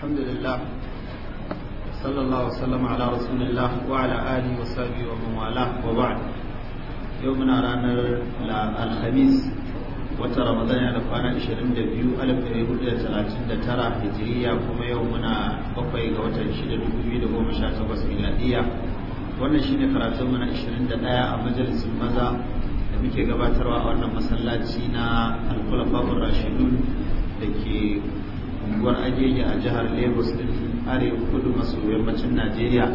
الحمد لله صلى الله وسلم على رسول الله وعلى آله وصحبه ومن والاه وبعد يومنا رانا الخميس da hudu da talatin da tara hijiriya kuma yau muna bakwai ga watan shida dubu karatun mu na 21 a majalisin maza da muke gabatarwa a wannan masallaci na da unguwar agege a jihar lagos din arewa kudu maso yammacin najeriya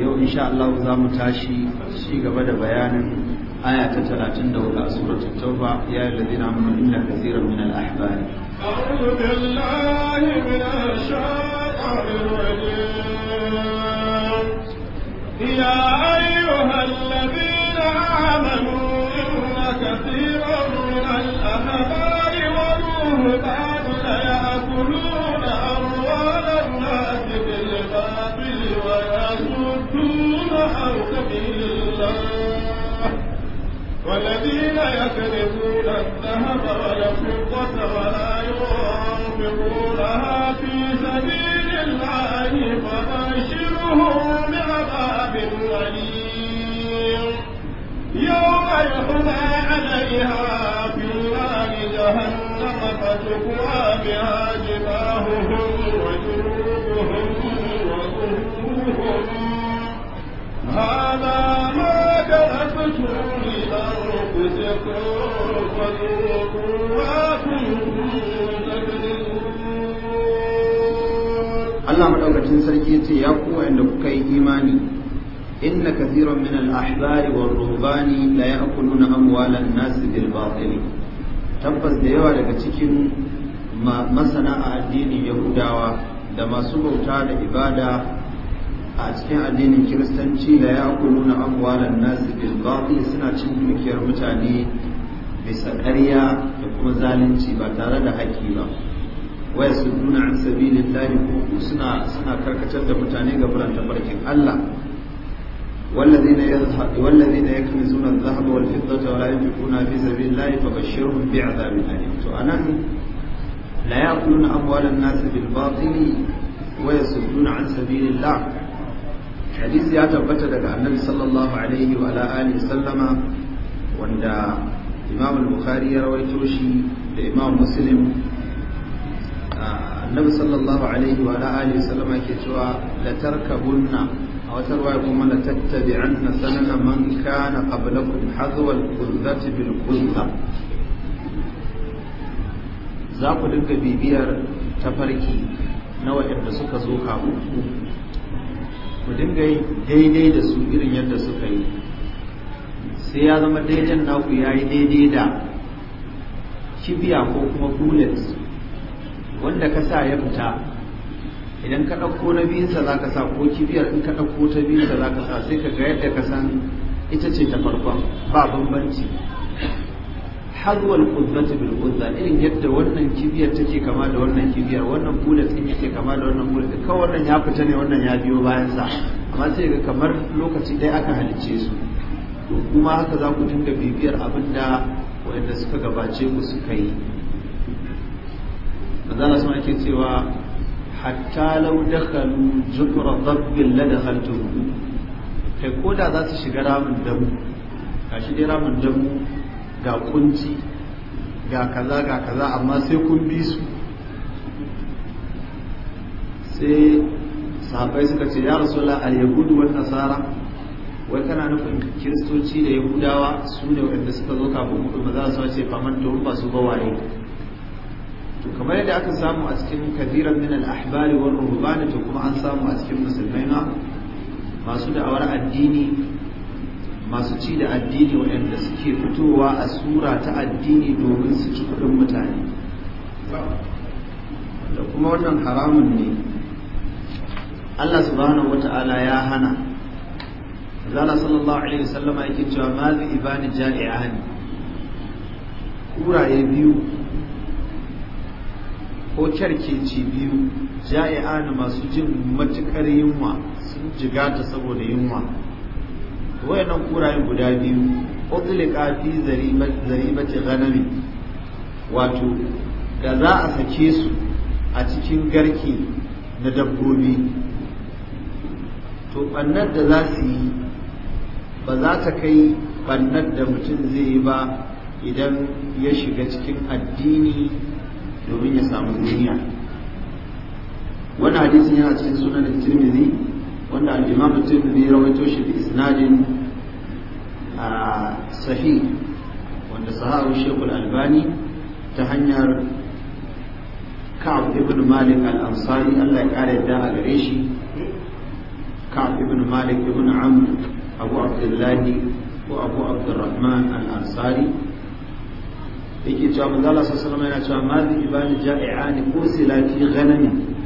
yau insha Allah za mu tashi ci gaba da bayanin aya ta talatin a suratul tauba ya ayyuhal ladina amanu inna min ya والذين يكنزون الذهب والفضة ولا ينفقونها في سبيل الله فبشرهم بعذاب أليم يوم يحمى عليها في نار جهنم فتكوى بها جباههم وجنوبهم وظهورهم هذا ما كسبتم Allah maɗaukacin sarki ya ce ya ku inda kuka yi imani inna kathiran min al-ahbari wa rubani la ya'kuluna amwalan nas bil batil tabbas da yawa daga cikin masana a addinin yahudawa da masu bauta da ibada a cikin addinin kiristanci la ya akuluna amwalan nasi bil suna cin dukiyar mutane bisa ƙarya da kuma zalunci ba tare da haƙƙi ba waya su nuna an sabilin lahi ko suna suna karkatar da mutane ga buran tabarkin Allah fi يذهب والذين يكنزون الذهب والفضة ولا ينفقونها في سبيل الله فبشرهم بعذاب أليم. أنا لا يأكلون أموال الناس بالباطل ويصدون عن سبيل الله hadisi ya tabbata daga annabi sallallahu alaihi wa ala alihi sallama wanda imam al-bukhari ya rawaito shi da imam muslim annabi sallallahu alaihi wa ala alihi sallama ke cewa la tarkabunna a wata ruwaya kuma la tattabi'anna sanana man kana qablakum hadwa al-qudrati bil qudra za ku dinga bibiyar tafarki na waɗanda suka zo kafin ku dinga yi daidai da su irin yadda suka yi sai ya zama daidan naku ya yi daidai da kibiya ko kuma bullet wanda ka sa ya fita idan ka ɗauko na biyunsa za ka sa ko kibiyar in ka ɗauko ta biyunsa za ka sa sai ka ga yadda ka san ita ce ta farkon ba bambanci harwal qudratu bil qudra irin yadda wannan kibiyar take kama da wannan kibiyar wannan bullet din yake kama da wannan bullet din wannan ya fita ne wannan ya biyo bayan sa amma sai ga kamar lokaci dai aka halicce su to kuma haka za ku dinga bibiyar abin da wanda suka gabace ku suka yi manzala sun ake cewa hatta lau dakhalu jukra dabbin la kai koda za su shiga ramin damu kashi dai ramin damu ga kunci ga kaza ga kaza amma sai kun bi su sai sahabbai suka ce ya rasulullah al yahudu wal nasara wai kana nufin kiristoci da yahudawa su ne wanda suka zo kafin mu ba za su ce faman to ba su ba waye to kamar yadda aka samu a cikin kadiran min al ahbari wal to kuma an samu a cikin musulmai na masu da'awar addini masu ci da addini waɗanda suke fitowa a sura ta addini domin su ci kuɗin mutane da kuma wannan haramun ne Allah subhanahu Ta'ala ya hana zana sallallahu alaihi wasallama yake cewa ma zai ibani jari'ani kuraye biyu ko kyarkeci biyu ja'i'ani masu jin matukar yunwa sun jigata saboda yunwa wayannan kurayen guda biyu utlika fi zaribati ganami wato da za a sake su a cikin garki na dabbobi to bannar da za su yi ba za ta kai ɓannar da mutum zai yi ba idan ya shiga cikin addini domin ya samu duniya Wani hadisin yana cikin sunan tirmidhi wanda al-imam at-tirmidhi rawaito shi bi isnadin sahih wanda sahabu shekul albani ta hanyar ka'ab ibn malik al-ansari Allah ya kare da a gare shi ka'ab ibn malik ibn amr abu abdullahi ko abu abdurrahman al-ansari yake cewa manzo Allah sallallahu alaihi wasallam yana cewa ma bi ibani ja'i'ani ko silati ghanami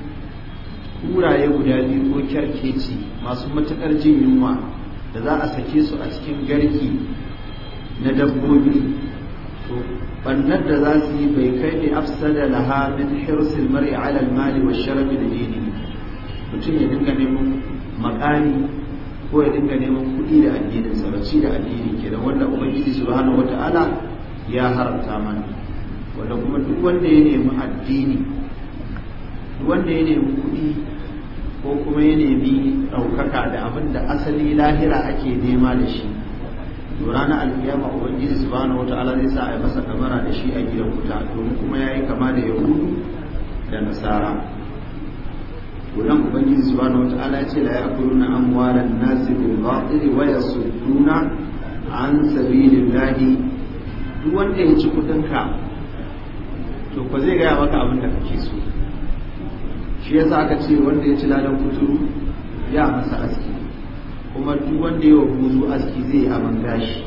kuraye guda biyu ko kyarkeci masu matuƙar jin yunwa da za a sake su a cikin garki na dabbobi to bannar da za su yi bai kai ne afsada laha min hirsil mar'i ala al-mali wa sharabi da dini mutum ya dinga neman makani ko ya dinga neman kuɗi da addinin addinin, ke da addini kenan wanda ubangiji subhanahu wata'ala ya haramta mana wanda kuma duk wanda ya nemi addini duk wanda ya nemi kuɗi ko kuma ya nemi ɗaukaka da abin da asali lahira ake nema da shi to ranar alkiyama ubangiji subhanahu wata zai sa a masa kamara da shi a gidan wuta domin kuma ya yi kama da yahudu da nasara wannan ubangiji subhanahu wata ya ce la na amwalan nasi bil waya su yasudduna an sabilillahi duk wanda ya ci kuɗinka, to ko zai gaya maka abin da kake so shi sa aka ce wanda ya ci ladan kuturu ya masa aski kuma duk wanda ya buzu aski zai yi abin gashi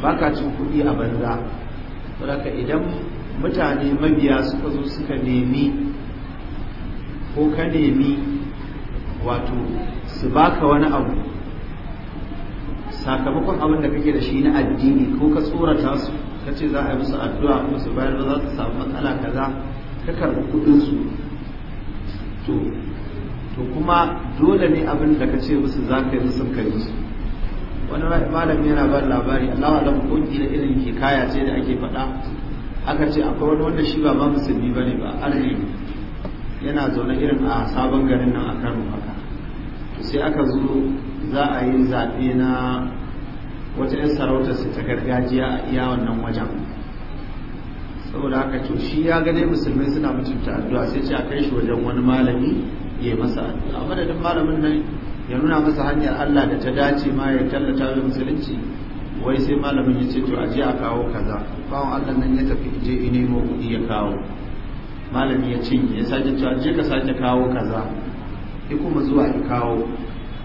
ba ka cin kuɗi a banza saboda idan mutane mabiya suka zo suka nemi ko ka nemi wato su baka wani abu sakamakon abin da kake da shi na addini ko ka tsorata su ka ce za a yi musu addu'a su bayar da za su samu matsala kaza ka karɓi kuɗinsu to kuma dole ne abin da ka ce musu za ka yi musu kai musu wani malam yana ba labari Allah wa ko kila irin ke kaya ce da ake faɗa aka ce akwai wani wanda shi ba ba musulmi bane ba arni yana zaune irin a sabon garin nan a Kano haka sai aka zo za a yi zaɓe na wata 'yan sarauta su ta gargajiya a iya wannan wajen saboda haka to shi ya gane musulmai suna mutunta addu'a sai ce a kai shi wajen wani malami ya yi masa addu'a madadin malamin nan ya nuna masa hanyar Allah da ta dace ma ya tallata wa musulunci wai sai malamin ya ce to a je a kawo kaza bawon Allah nan ya tafi je ya nemo kuɗi ya kawo malami ya cinye ya sake to a je ka sake kawo kaza ya kuma zuwa ya kawo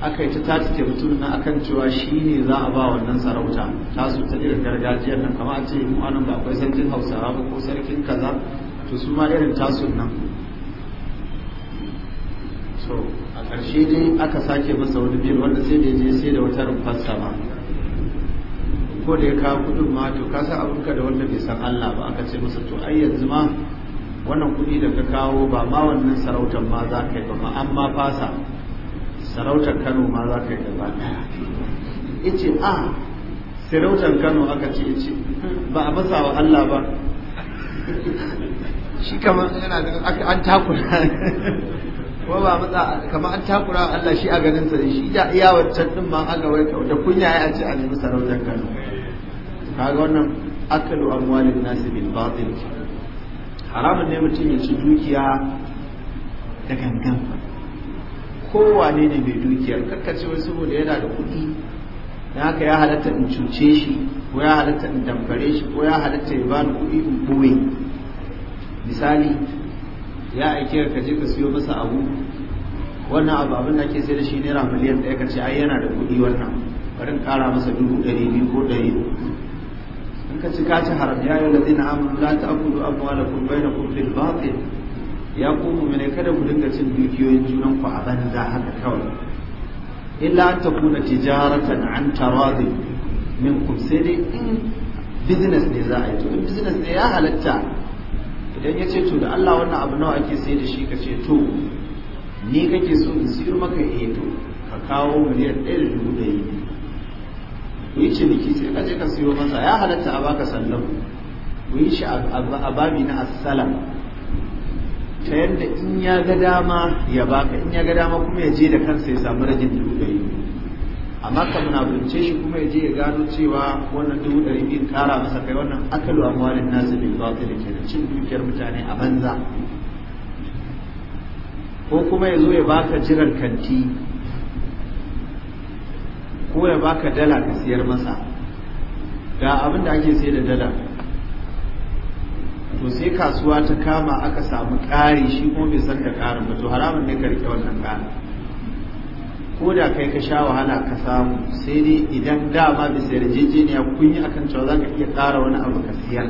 aka yi ta tace ce mutum na akan cewa shi ne za a ba wannan sarauta ta tasu ta irin gargajiyar nan kama a ce mu anan ba akwai sarkin hausawa ba ko sarkin kaza to su ma irin su nan so a ƙarshe dai aka sake masa wani biyar wanda sai da je sai da wata rumfar sama ko da ya kawo kudin ma to ka san abinka da wanda bai san Allah ba aka ce masa to ai yanzu ma wannan kuɗi da ka kawo ba ma wannan sarautar ma za ka yi ba ma an fasa sarautar kano ma za ka yi gaba ya ce a ah, sarautar kano aka ce ya ce ba a masa wa Allah ba shi kama yana an takura ko ba matsa kama an takura Allah shi a ganin sa shi da iya wancan din ma aka wai da kunya ya ce a nemi sarautar kano kaga wannan akalu amwalin nasi bil batil haramun ne mutum ya ci dukiya da gangan kowane ne mai dukiyar karkace wai saboda yana da kuɗi na haka ya halatta in cuce shi ko ya halatta in damfare shi ko ya halatta ya bani kuɗi in ɓoye misali ya aike ka je ka siyo masa abu wannan abu abin da ake sai da shi naira miliyan ɗaya ka ce ai yana da kuɗi wannan bari in ƙara masa dubu ɗari biyu ko ɗari in ka ci ka ci haram ya yi wa ladina amanu la ta'kulu amwalakum bainakum bil batil ya kuma mene kada ku dinga cin dukiyoyin junan ku a banza haka kawai illa ta kuna tijaratan an min ku sai dai in business ne za a yi to in business ne ya halatta idan ya ce to da Allah wannan abu nawa ake sai da shi ka ce to ni kake so in siyo maka eh to ka kawo miliyan ɗaya da dubu ɗari ku yi ciniki sai ka je ka siyo masa ya halatta a baka sallam ku yi shi a babi na assalam ta yadda in ya ga dama ya baka in ya ga dama kuma ya je da kansa ya samu rajin dubu ɗari amma ka muna bince shi kuma ya je ya gano cewa wannan dubu ɗari biyu kara masa kai wannan akalu amwalin nasu bil batil da cin dukiyar mutane a banza ko kuma ya zo ya baka jiran kanti ko ya baka dala ka siyar masa ga abin da ake sayar da dala to sai kasuwa ta kama aka samu ƙari shi ko bai san da ƙarin ba to haramun ne ka rike wannan ƙarin ko da kai ka sha wahala ka samu sai dai idan dama bisa jejeniya kun yi akan cewa za ka iya ƙara wani abu ka siyar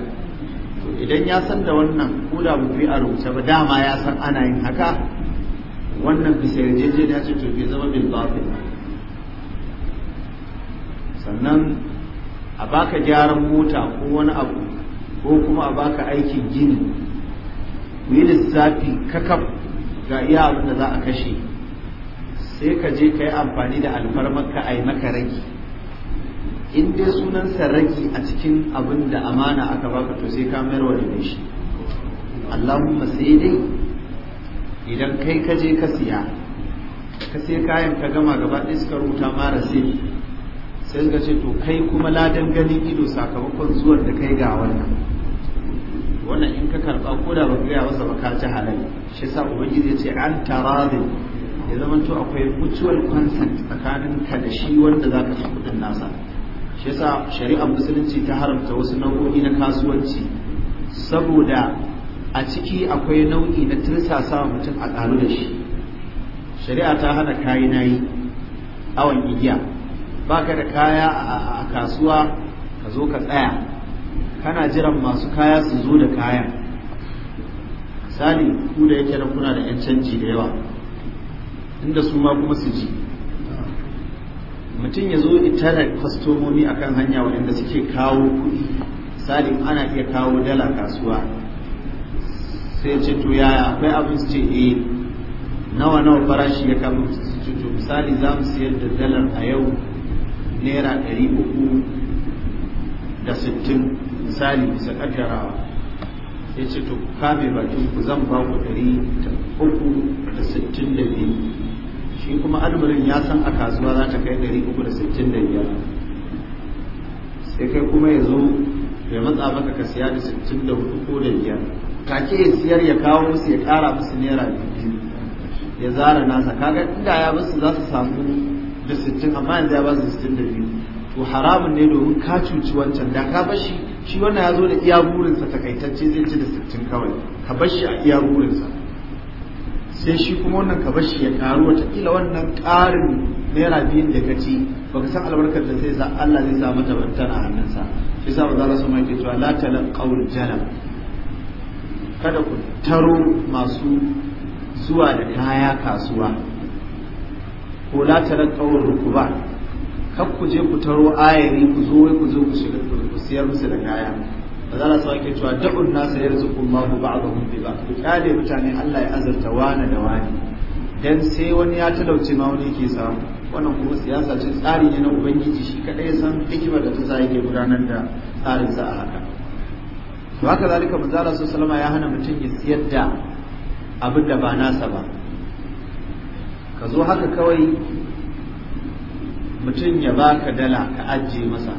to idan ya san da wannan ko da ba a rubuce ba dama ya san ana yin haka wannan bisa jejeniya ce to bai zama bil batil sannan a baka gyaran mota ko wani abu ko kuma a baka aikin gini ku yi lissafi kakaf ga iya abin da za a kashe sai ka je ka yi amfani da alfarmarka a yi maka ragi in dai sunansa ragi a cikin abin da amana aka baka to sai ka mayar wa da shi allahumma sai dai idan kai ka je ka siya ka sai kayan ka gama gaba ɗaya wuta mara sai sai ga ce to kai kuma ladan ganin ido sakamakon zuwan da kai ga wannan wannan in ka karba ko da baka gaya masa baka ji halal shi yasa ubangiji ya ce an tarabi ya zama to akwai mutual consent tsakanin ka da shi wanda zaka ci kudin nasa shi yasa shari'ar musulunci ta haramta wasu nau'o'i na kasuwanci saboda a ciki akwai nau'i na tirsasa mutum a ƙaru da shi shari'a ta hana kayi nayi awon igiya baka da kaya a kasuwa ka zo ka tsaya kana jiran masu kaya su zo da kayan misali ku da yake kuna da 'yan canji da yawa inda su ma kuma su ji mutum ya zo tara kwastomomi a kan hanya waɗanda suke kawo kuɗi misali ana iya kawo dala kasuwa sai ce to yaya akwai abin su ce eh nawa nawa farashi ya kama su ce to misali za mu siyar da dalar a yau naira ɗari uku da sittin misali bisa ƙaddarawa ya ce to kame bakin ku zan ba ku ɗari uku da sittin da biyu shi kuma almarin ya san a kasuwa za ta kai ɗari uku da sittin da biyar sai kai kuma ya zo ya matsa maka ka siya da sittin da hudu ko da biyar ke ya siyar ya kawo musu ya ƙara musu naira biyu ya zara nasa kaga inda ya musu za su samu da sittin amma yanzu ya ba su sittin da biyu to haramun ne domin ka cuci wancan da ka bashi shi wannan ya zo da iya burinsa takaitacce zai ci da sittin kawai ka bashi a iya burinsa sai shi kuma wannan ka bashi ya karu watakila wannan karin naira biyun da ka ci baka san albarkar da zai sa Allah zai sa mata bantan a hannunsa shi sa ba za su mai cewa la talaqaul jala kada ku taro masu zuwa da kaya kasuwa ko la talaqawur rukuba kar ku je ku taro ayari ku zo wai ku zo ku shiga ku siyar musu da kaya ba za su sake cewa da'un nasa ba ba'dahum bi ba ku kale mutane Allah ya azarta wani da wani dan sai wani ya talauce ma wani yake samu wannan kuma siyasa ce tsari ne na ubangiji shi kadai ya san hikimar da ta sa yake gudanar da tsarin sa a haka to haka zalika manzo Allah sallallahu alaihi wasallam ya hana mutum ya siyar da abin da ba nasa ba ka zo haka kawai mutum ya baka dala ka ajiye masa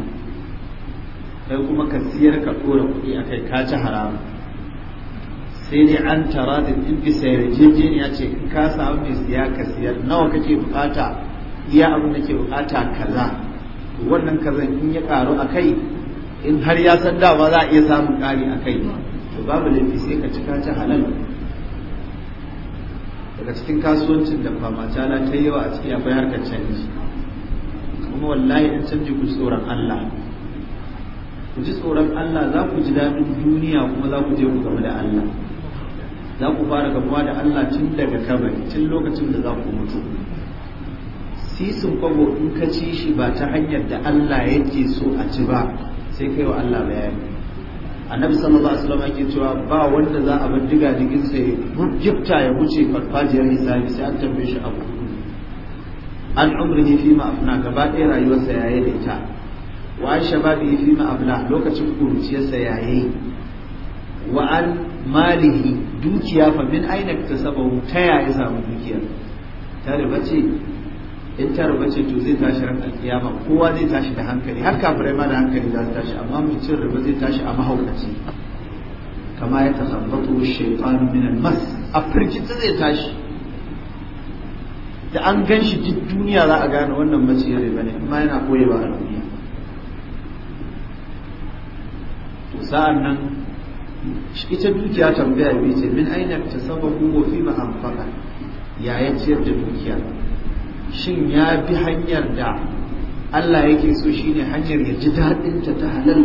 kai kuma ka siyar ka ɗora kuɗi a kai ka ci haramu sai dai an tara da ɗin bisa yarjejeniya ce in ka samu mai siya ka siyar nawa kake bukata iya abin da ke bukata kaza wannan kazan in ya karu a kai in har ya san dama za a iya samun ƙari a kai to babu laifi sai ka ci ka ci halal daga cikin kasuwancin da jana ta yi yawa a cikin akwai harkar canji kuma wallahi in canji ku tsoron Allah ku ji tsoron Allah za ku ji daɗin duniya kuma za ku je ku gaba da Allah za ku fara gabuwa da Allah tun daga kabari tun lokacin da za ku mutu sisin kwabo in ka ci shi ba ta hanyar da Allah yake so a ci ba sai kai wa Allah bayani annabi sallallahu alaihi wasallam yake cewa ba wanda za a bar diga digin sai gifta ya wuce farfajiyar hisabi sai an tambaye shi abu an umrihi fi ma afna gaba ɗaya rayuwarsa yayi da ita wa an shababi fi ma afna lokacin kuruciyarsa yayi wa an malihi dukiya fa min aina ta sababu ta yaya samu dukiyar ta riba ce in ta riba ce to zai tashi ranar alkiyama kowa zai tashi da hankali har kafirai ma da hankali za su tashi amma mu cin riba zai tashi a mahaukaci kama ya tasabbatu shaytanu min al-mas a firgita zai tashi da an gan shi duk duniya za a gane wannan maciyar riba ne amma yana koyewa a duniya to sa'an nan ita dukiya tambaya bai ce min aina ta sababu wa fi ma ya yi ciyar da dukiya shin ya bi hanyar da Allah yake so shi ne hanyar ya ji daɗinta ta halal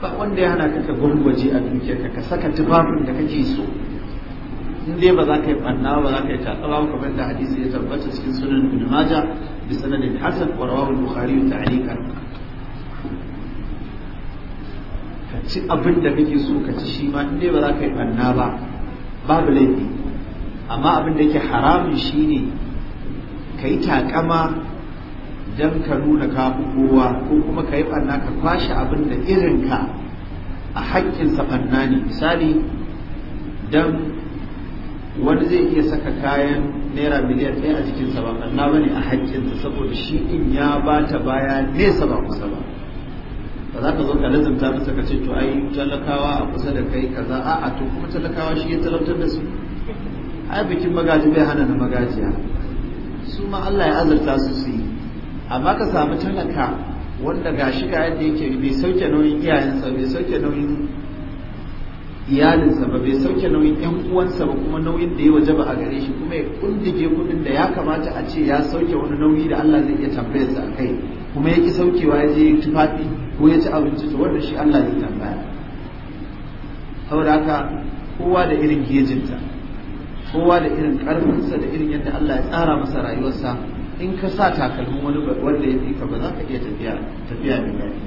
ba wanda ya hana ka ka a dukiyar ka saka tufafin da kake so in dai ba za ka yi banna ba za ka yi tatsaba ba kuma da hadisi ya tabbata cikin sunan ibn maja bi sanadin hasan wa rawahu bukhari ta'liqan ka ci abin da kake so ka ci shi ma in dai ba za ka yi banna ba babu laifi amma abin da yake haramun shine ka yi takama don ka nuna ka kowa ko kuma ka yi ɓanna ka kwashe abin da irinka a haƙƙinsa banna ne misali don wani zai iya saka kayan naira miliyan ɗaya a jikinsa ba ɓanna ba ne a haƙƙinsa saboda shi in ya ba ta baya nesa ba kusa ba ba za ka zo ka lazimta masa ka ce to ai talakawa a kusa da kai kaza a'a to kuma talakawa shi ya talautar da su ai bikin magaji bai hana na magajiya su ma Allah ya azurta su su yi amma ka samu talaka wanda ga shi ga yadda yake bai sauke nauyin iyayensa bai sauke nauyin iyalinsa ba bai sauke nauyin yan uwansa ba kuma nauyin da ya waje ba a gare shi kuma ya kundige kudin da ya kamata a ce ya sauke wani nauyi da Allah zai iya tambayarsa a kai kuma ya saukewa ya je tufafi ko ya ci abinci to wanda shi Allah zai tambaya saboda haka kowa da irin gejinta kowa da irin karfinsa da irin yadda Allah ya tsara masa rayuwarsa in ka sa takalmin wani wanda ya fi ka ba za ka iya tafiya tafiya mai daɗi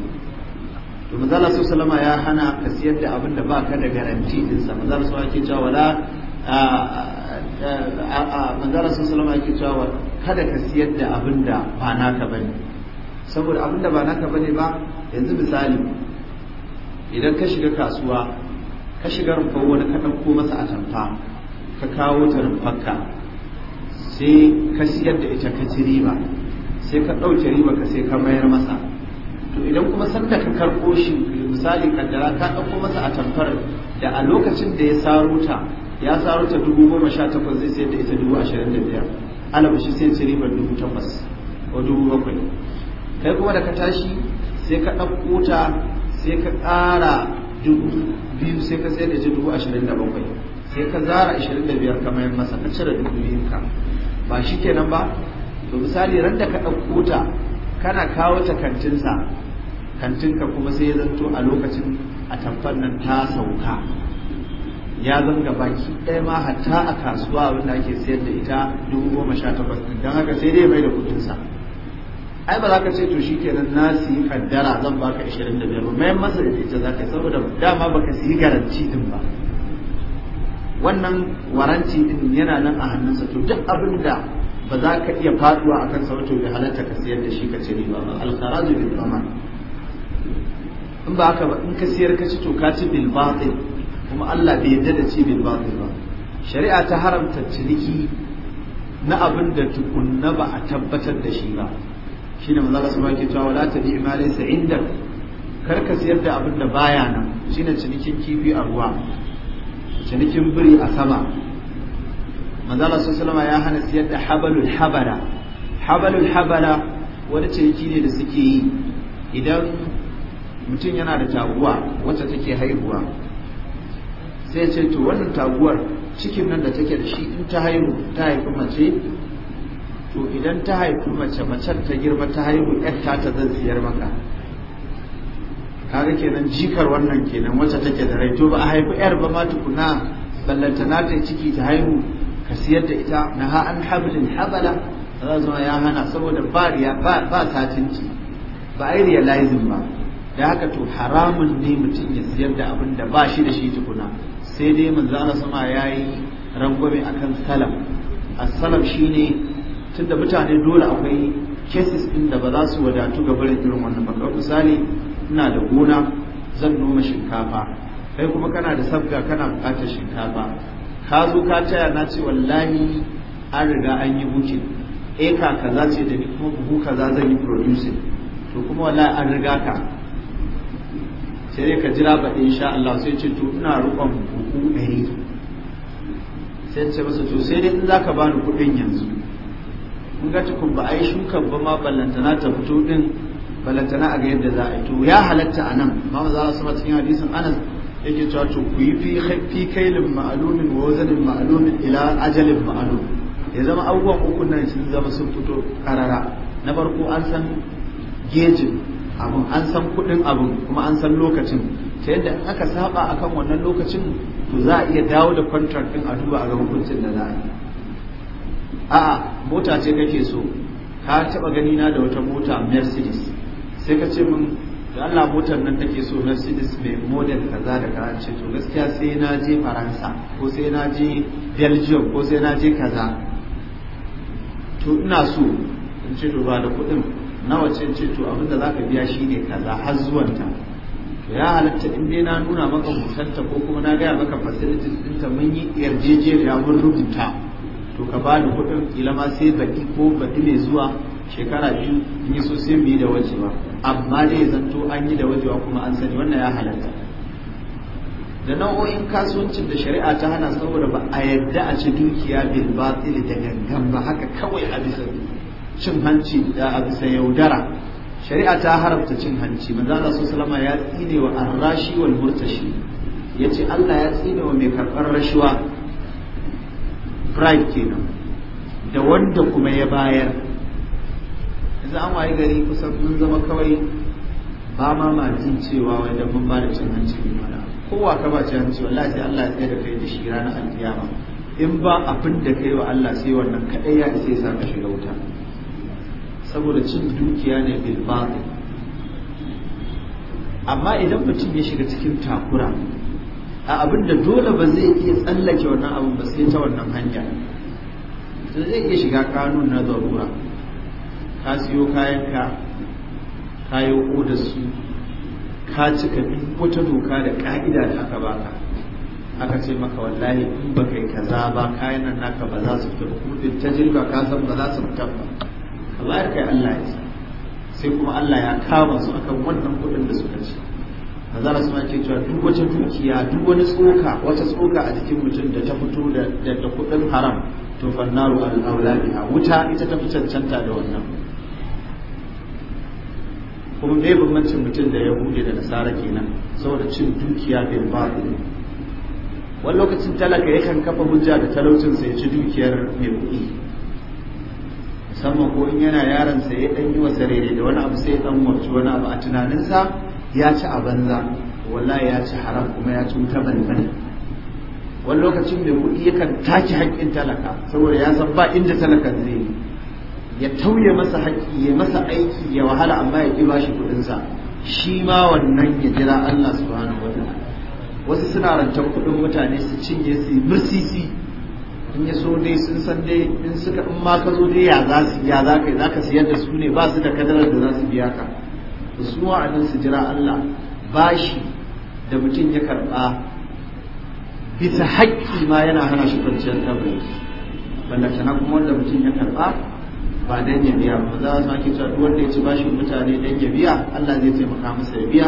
to mazala Allah sallallahu ya hana ka siyar da abin da ka da garanti din sa manzo Allah sallallahu alaihi wala manzo Allah sallallahu alaihi cewa kada ka siyar da abin da ba naka bane saboda abin da ba naka bane ba yanzu misali idan ka shiga kasuwa ka shiga rumfar wani ka ko masa atamfa ka kawo ta rufarka sai ka siyar da ita ka ci riba sai ka ɗauke riba ka sai ka mayar masa to idan kuma sanda ka karɓo shi misali kaddara ka ɗauko masa a tamfar da a lokacin da ya saro ta ya saro ta dubu goma sha takwas zai sayar da ita dubu ashirin da biyar shi sai ci ribar dubu takwas ko dubu bakwai kai kuma da ka tashi sai ka ɗauko ta sai ka ƙara dubu biyu sai ka sayar da ita dubu ashirin da bakwai sai ka zara 25 ka mayar masa ka cire dubu biyun ka ba shi kenan ba to misali ran da ka ɗauko ta kana kawo ta kantinsa kantinka kuma sai ya zanto a lokacin a tamfan nan ta sauka ya zanga baki ɗaya ma hatta a kasuwa wanda ake sayar da ita dubu goma sha takwas don haka sai dai mai da kudinsa ai ba za ka ce to shi kenan na yi kaddara zan baka ashirin da biyar ba mayan masa da ita za ka yi saboda dama baka siyi garanti din ba wannan waranti din yana nan a hannunsa to duk abin da ba za ka iya faduwa akan sa wato bai halatta ka sayar da shi ka ci riba ba al-kharaju bil thaman in ba haka ba in ka siyar ka ci to ka ci bil batil kuma Allah bai yarda da ci bil batil ba shari'a ta haramta ciniki na abin da tukunna ba a tabbatar da shi ba shine manzo Allah subhanahu wa ta'ala la bi ma laysa indak kar ka siyar da abin da baya nan shine cinikin kifi a ruwa cinikin biri a sama manzala salama ya hana siyar da habalul habara habalul habara wani ciniki ne da suke yi idan mutum yana da taguwa wacce take haihuwa sai ce to wannan taguwar cikin nan da take da shi in ta haihu ta haifi mace to idan ta haifi mace macen ta girma ta haihu yar ta ta zan siyar maka kaga kenan jikar wannan kenan wacce take da rai to ba a haifi yar ba ma tukuna na ta ciki ta haihu ka siyar da ita na ha an hablin habala za zama ya hana saboda ba ba ba satinci ba ai realizing ba da haka to haramun ne mutum ya siyar da abin da ba shi da shi tukuna sai dai mun zana sama yayi rangwame akan salam as-salam shine tunda mutane dole akwai cases din da ba za su wadatu ga barin irin wannan ba misali ina da gona zan noma shinkafa kai kuma kana da sabga kana buƙatar shinkafa ka zo ka taya na ce wallahi an riga an yi bukin eka kaza ce da ni kuma buhu kaza zan yi producing to kuma wallahi an riga ka sai dai ka jira ba insha Allah sai ce to ina roƙon buhu ɗari sai ce masa to sai dai in zaka bani kuɗin yanzu in ga tukun ba ai shukan ba ma ballantana ta fito din. balantana na ga yadda za a yi to ya halatta a nan ma za a sama cikin hadisin anas yake cewa to ku yi fi kailin ma'alumin wa wazanin ma'alumin ila ajalin ma'alum ya zama abubuwan uku nan sun zama sun fito karara na farko an san gejin abun an san kuɗin abun kuma an san lokacin ta yadda aka saba akan wannan lokacin to za a iya dawo da contract din a duba a ga hukuncin da za a yi a'a mota ce kake so ka taɓa gani na da wata mota mercedes sai ka ce min da Allah motar nan take so Mercedes mai model kaza da kaza ce to gaskiya sai na je Faransa ko sai na je Belgium ko sai na je kaza to ina so in ce to ba da kuɗin nawa ce ce to abin da zaka biya shine kaza har zuwanta to ya halatta in dai na nuna maka ta ko kuma na gaya maka facilities ta mun yi yarjejeniya mun rubuta to ka ba da kuɗin kila ma sai baki ko baki mai zuwa shekara biyu in yi so sai mu yi da ba. amma dai zanto an yi da wajewa kuma an sani wannan ya halatta da nau'o'in kasuwancin da shari'a ta hana saboda ba a yadda a ci dukiya bil batil da gangan ba haka kawai a bisa cin hanci da a bisa yaudara shari'a ta haramta cin hanci manzo Allah sallallahu ya tsine wa arrashi wal murtashi yace Allah ya tsine wa mai karbar rashuwa pride kenan da wanda kuma ya bayar yanzu an waye gari kusan mun zama kawai ba ma jin cewa wai mun ba da cin hanci ne mana kowa ka ba cin hanci wallahi sai Allah ya tsaya da kai da shi ranar alkiyama in ba abin da kai wa Allah sai wannan kadai ya sai sa ka shiga wuta saboda cin dukiya ne bil batil amma idan mutum ya shiga cikin takura a abin da dole ba zai iya tsallake wannan abin ba sai ta wannan hanya zai iya shiga kanun na zarura ka siyo kayanka ka yi da su ka cika duk wata doka da ka'ida da aka baka aka ce maka wallahi in ba kai kaza ba kayan nan naka ba za su fita ba kuma ta jirga ka san ba za su fita ba Allah ya kai Allah ya sai kuma Allah ya kama su akan wannan kuɗin da suka ci A zara suna ke cewa duk wata dukiya duk wani tsoka wata tsoka a jikin mutum da ta fito da kuɗin haram to fannaru al wuta ita ta fi cancanta da wannan kuma me bambancin mutum da yahudi da nasara kenan saboda cin dukiya bin babu wani lokacin talaka kan kafa hujja da talaucin sai ya ci dukiyar mai kuɗi musamman ko in yana yaron sai ya ɗan yi wa sarere da wani abu sai ya wacce wani abu a tunaninsa ya ci a banza wallahi ya ci haram kuma ya ci wuta bane wani lokacin mai kuɗi kan take haƙƙin talaka saboda ya san ba inda talakan zai yi ya tauye masa haƙƙi ya masa aiki ya wahala amma ya ƙiba shi kuɗinsa shi ma wannan ya jira Allah subhanahu wa ta'ala wasu suna rantar kuɗin mutane su cinye su yi mursisi in ya so dai sun san dai in suka in ma ka zo dai ya za su ya za ka yi, za ka siyar da su ne ba su da kadarar da za su biya ka su wa'annan su jira Allah bashi da mutum ya karɓa bisa haƙƙi ma yana hana shi kwanciyar kabari na kuma wanda mutum ya karɓa ba dan ya biya ba za su ake cewa wanda ya ci bashin mutane dan ya biya Allah zai taimaka masa ya biya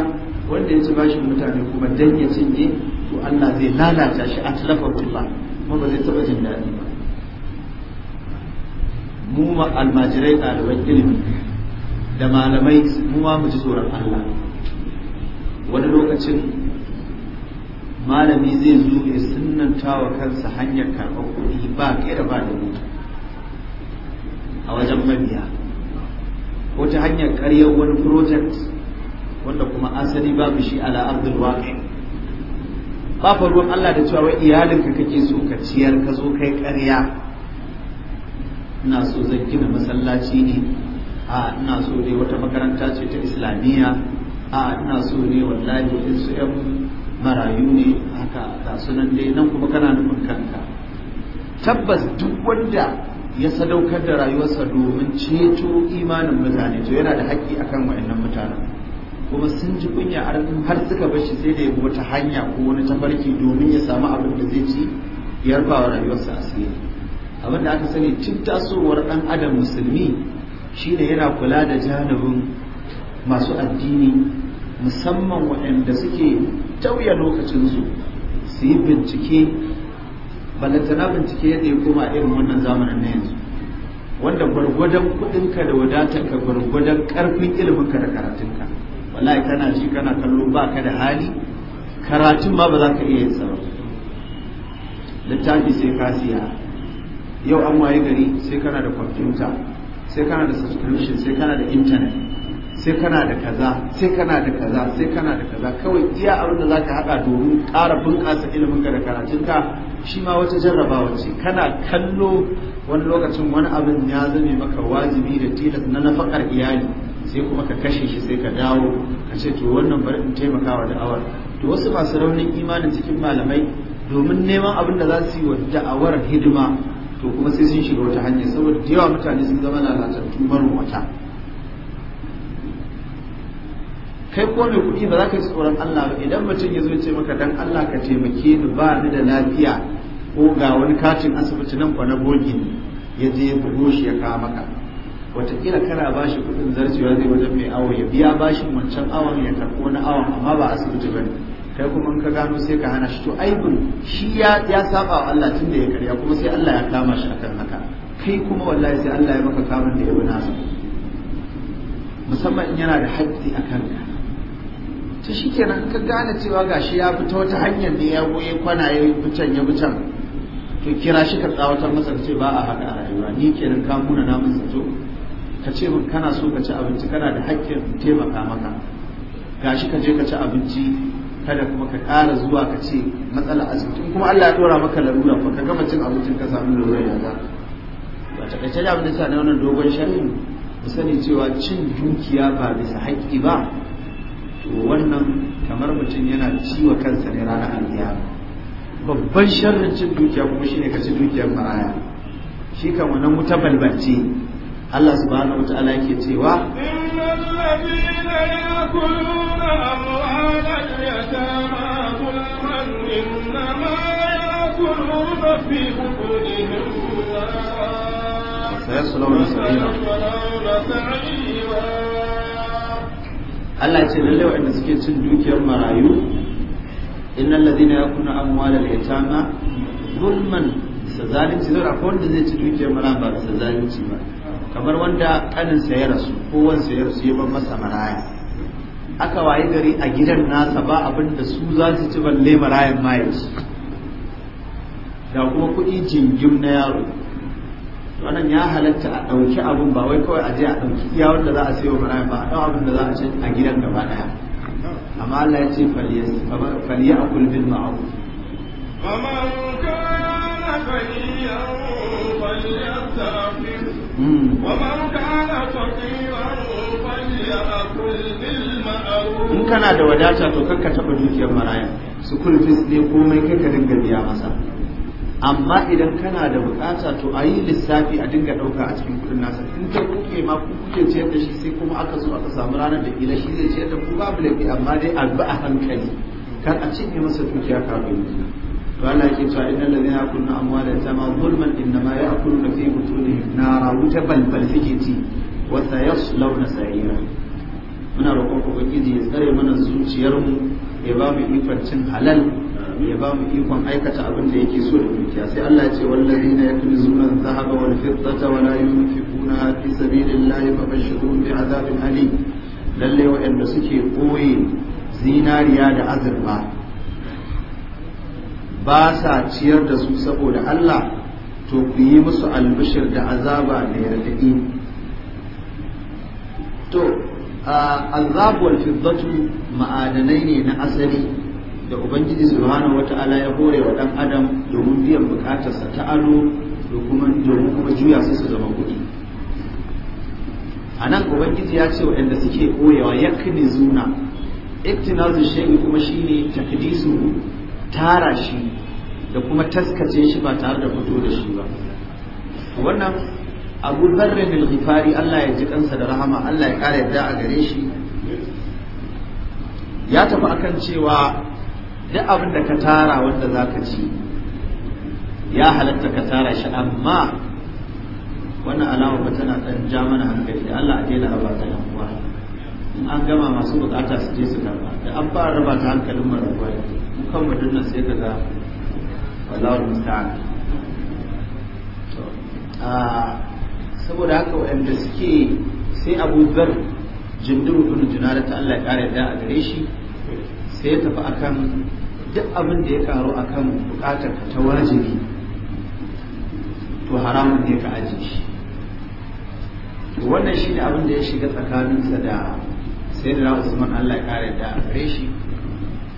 wanda ya ci bashin mutane kuma dan ya cinye to Allah zai lalata shi a talafahullah kuma ba zai taba jin daɗi ba mu ma almajirai ɗaliban ilimi da malamai mu ma mu ji tsoron Allah wani lokacin malami zai zo ya sunnanta wa kansa hanyar karɓar kuɗi ba kai da ba da mutu a wajen mabiya ko ta hanyar karyar wani project wanda kuma asali babu shi ala abdul waqi ba ruwan Allah da cewa wai iyalinka kake so ka ciyar ka zo kai karya ina so zan gina masallaci ne a ina so ne wata makaranta ce ta islamiyya a ina so ne wallahi su yan marayu ne haka ga sunan dai nan kuma kana nufin kanka tabbas duk wanda ya sadaukar da rayuwarsa domin ceto imanin mutane to yana da haƙƙi akan waɗannan mutane, kuma sun ji kunya a har suka bashi, shi sai da ya wata hanya ko wani tafarki domin ya samu abin da zai ci ya rufa wa rayuwarsa asiri abin da aka sani tun tasowar ɗan adam musulmi shine yana kula da janibin masu addini musamman waɗanda suke tauya lokacinsu su yi bincike na bincike yadda ya koma irin wannan zamanin na yanzu wanda gwargwadon kuɗinka da wadatarka gwargwadon ƙarfin ka da karatunka wallahi kana ji kana kallo ba ka da hali karatun ma ba za ka iya yin sa ba littafi sai ka siya yau an waye gari sai kana da kwamfuta sai kana da subscription sai kana da intanet sai kana da kaza sai kana da kaza sai kana da kaza kawai iya abin da za ka haɗa domin ƙara bunƙasa ka da karatunka shi ma wata jarrabawa ce kana kallo wani lokacin wani abin ya zame maka wajibi da tilas na nafakar iyali sai kuma ka kashe shi sai ka dawo ka ce to wannan bari in taimaka wa da'awar to wasu masu raunin imanin cikin malamai domin neman abin da za su yi wa da'awar hidima to kuma sai sun shiga wata hanya saboda da yawa mutane sun zama lalatattu marwata kai ko mai kuɗi ba za ka ji tsoron Allah ba idan mutum ya zo ce maka dan Allah ka taimake ni ba ni da lafiya ko ga wani katin asibiti nan kwana bogi ne ya je ya bugo shi ya kawo maka wataƙila kana ba shi kuɗin zarciwa zai wajen mai awo ya biya bashin wancan awon ya karɓo na awon amma ba asibiti ba ne kai kuma ka gano sai ka hana shi to aibun shi ya ya saba wa Allah tun da ya karya kuma sai Allah ya kama shi akan haka kai kuma wallahi sai Allah ya maka kaman da ya bi musamman in yana da haƙƙi a kanka to shikenan ka gane cewa gashi ya fito ta hanyar da ya goye kwana ya bucan ya bucan to kira shi ka tsawatar masa ce ba a haka a rayuwa ni kenan ka muna na masa to ka ce min kana so ka ci abinci kana da haƙƙin taimaka maka gashi ka je ka ci abinci kada kuma ka ƙara zuwa ka ce matsala asibiti kuma Allah ya ɗora maka larura fa ka gama cin abincin ka samu larura ya za ba ta kace da abin da sa na wannan dogon sharhi sani cewa cin dukiya ba bisa haƙƙi ba to wannan kamar mutum yana ciwa kansa ne ranar alkiyama babban sharrin cin dukiya kuma shi ne ci dukiyar maraya shi kan wannan wuta balbalce Allah subhanahu ta'ala yake cewa innal ladina yakuluna amwalan yatama zulman Allah ce lalle waɗanda suke cin dukiyar marayu innal ladina yakuna amwalal yatama zulman sa zalunci zai akwai wanda zai ci dukiyar marayu ba sa zalunci ba kamar wanda kanin sa ya rasu ko wansa ya rasu ya masa maraya aka wayi gari a gidan nasa ba abin su za su ci balle marayan ma su. da kuma kuɗi jingim na yaro wannan ya halatta a ɗauki abun ba wai kawai a je a ɗauki iya wanda za a sayo maraya ba a ɗau abin da za a ce a gidan gaba ɗaya amma Allah ya ce faliya a kulbin ma'abu in kana da wadata to kanka taɓa dukiyar maraya su kulfis ne komai kai ka dinga biya masa amma idan kana da bukata to a yi lissafi a dinga ɗauka a cikin kuɗin nasa in ta kuke ma ku kuke ciyar da shi sai kuma aka zo aka samu ranar da ila shi zai ciyar da ku babu laifi amma dai a bi a hankali kar a cinye masa dukiya kafin to Allah yake cewa innal ladhina ma amwala yatama zulman ya ya'kuluna fi butunihim nara wuta balbal fiye ci su launa sa'ira muna roƙon ubangiji ya tsare mana zuciyarmu ya ba mu ikon cin halal ya ba mu ikon aikata abin da yake so da dukiya sai Allah ya ce wallazina yaknizuna dhahaba wal fiddata wa la yunfiquna fi sabilillahi fabashshirhum azabin alim lalle waɗanda suke koye zinariya da azurfa ba sa ciyar da su saboda Allah to ku yi musu albishir da azaba da yardadi to azab wal fiddatu ma'adanai ne na asali da ubangiji subhanahu ta'ala ya hore wa dan adam domin biyan bukatarsa ta ado domin kuma juya su su zama kuɗi a nan ubangiji ya ce waɗanda suke koyawa ya kini zuna iktinazu shayi kuma shi shine su tara shi da kuma taskace shi ba tare da fito da shi ba wannan abu zarrin al lufari Allah ya ji kansa da rahama Allah ya kare yadda a gare shi ya tafi akan cewa duk abin da ka tara wanda za ka ci ya halatta ka tara shi amma wannan alama ba tana ɗan ja mana hankali da Allah a daina raba ta yan uwa in an gama masu bukata su je su karba da an fara raba ta hankalin mara uwa mu kan mutum sai ka ga wallahu musta'an saboda haka waɗanda suke sai Abu zar jindin ibn jinarata ta Allah ya kare da a gare shi sai ya tafi akan duk abin da ya karu akan bukatar ta wajibi to haramun ne ka aji shi wannan shi ne abin da ya shiga tsakaninsa da sai da usman allah ya kare da reshi shi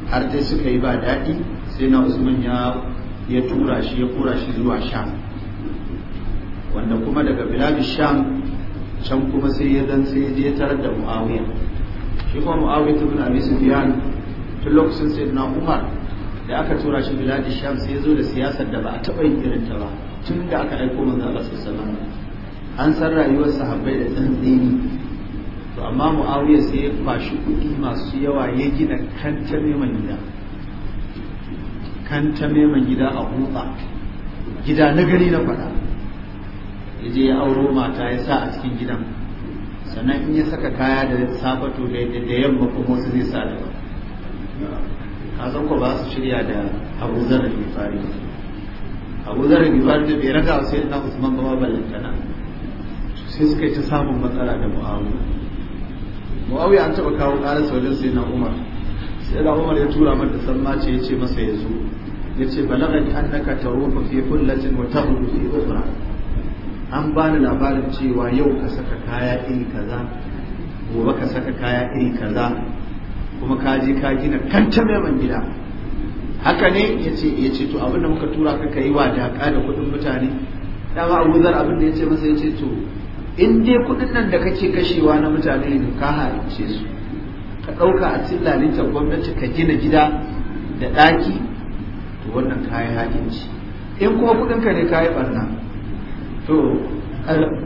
har dai suka yi ba daɗi sai na usman ya tura shi ya kura shi zuwa sham wanda kuma daga biladu sham can kuma sai ya dan sai ya tarar da muawiya shi kuma muawiya abi tun lokacin sai na umar da aka tura shi biladi sham sai ya zo da siyasar da ba a taɓa yin irin ba tun da aka aiko manzo Allah sallallahu an san rayuwar sahabbai da tsantsini to amma muawiya sai ya kwashi kuɗi masu yawa ya gina kanta neman gida kanta neman gida a hutsa gida na gari na faɗa ya je ya auro mata ya sa a cikin gidan sannan in ya saka kaya da sabato da yamma kuma wasu zai sa da ba kazan ko ba su shirya da abu zarar bifari abu zarar bifari da bai raga sai na usman ba ballantana sai suka yi ta samun matsala da muawiya muawiya an taba kawo ƙararsa wajen sai na umar sai da umar ya tura mata ce ya ce masa ya zo ya ce balagani annaka tarufa fi kullatin wa taghdu fi ukhra an bani labarin cewa yau ka saka kaya iri kaza gobe ka saka kaya iri kaza kuma ka je ka gina kanta mai gida haka ne yace yace to abinda muka tura ka kai wa daka da kudin mutane dama Abu Zar abinda yace masa yace to in dai kudin nan da kake kashewa na mutane ne ka harice su ka dauka a cikin ta gwamnati ka gina gida da daki to wannan kai hakinci in kuma kudin ka ne kai barna to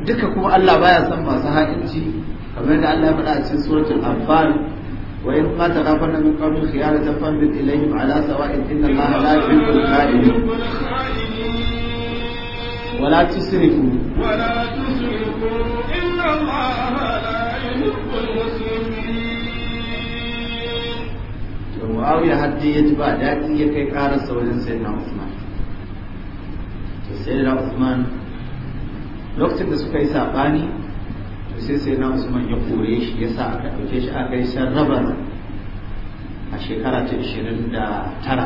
duka kuma Allah baya son masu hakinci kamar da Allah ya faɗa a cikin suratul anfal وإن قاتلنا من قبل خيانة فانبت إليهم على سواء إن الله لا يحب الخائنين ولا تسرفوا ولا تسرفوا إن الله لا يحب المسلمين معاوية حتى يتبع دائما يكي قارس وجن سيدنا عثمان سيدنا عثمان lokacin da suka yi saɓani sai sai na usman ya kore shi ya sa aka ɗauke shi aka yi sarrabar a shekara ta 29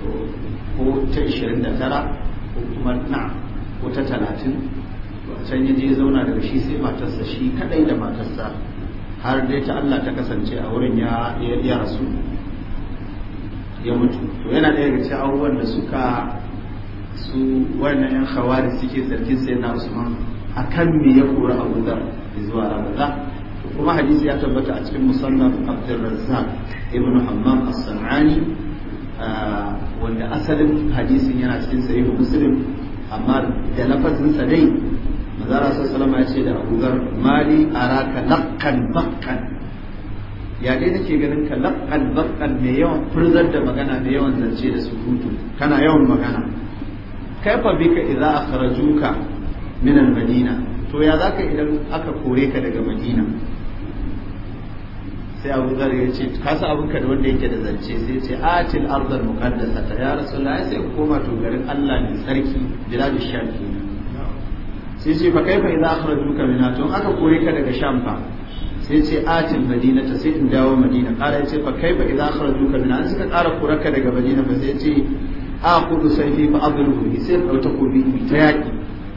to ko ta 29 ko kuma na ko ta 30 can ya je zauna daga shi sai matarsa shi kadai da matarsa har dai ta Allah ta kasance a wurin ya ya rasu ya mutu to yana daya daga cikin abubuwan da suka su wannan yan khawari suke sarkin sai na Usman akan me ya kori Abu Dhar zuwa Ramadan kuma hadisi ya tabbata a cikin musannaf Abdul Razzaq ibn Hammam as-Sanani ah, wanda asalin hadisin yana cikin sahihu Muslim amma da lafazin sa dai rasul sallallahu ya ce da Abu mali araka laqan baqan ya dai nake ganin ka laqan baqan mai yawan furzar da magana da yawan zance da sukutu kana yawan magana kaifa bika idza akhrajuka min al-madina to ya zaka idan aka kore ka daga madina sai abu zar ya ce ka sa ka da wanda yake da zance sai ce atil ardal muqaddasa ta ya rasulullahi sai ku koma to garin Allah ne sarki biladu sham kenan sai ce fa aka idza akhrajuka min to aka kore ka daga sham sai ce atil madinata sai in dawo madina kara yace fa aka idza akhrajuka min an suka kara kore ka daga madina fa sai ce a kudu sai fi abin abdul sai ta kobi ta yaki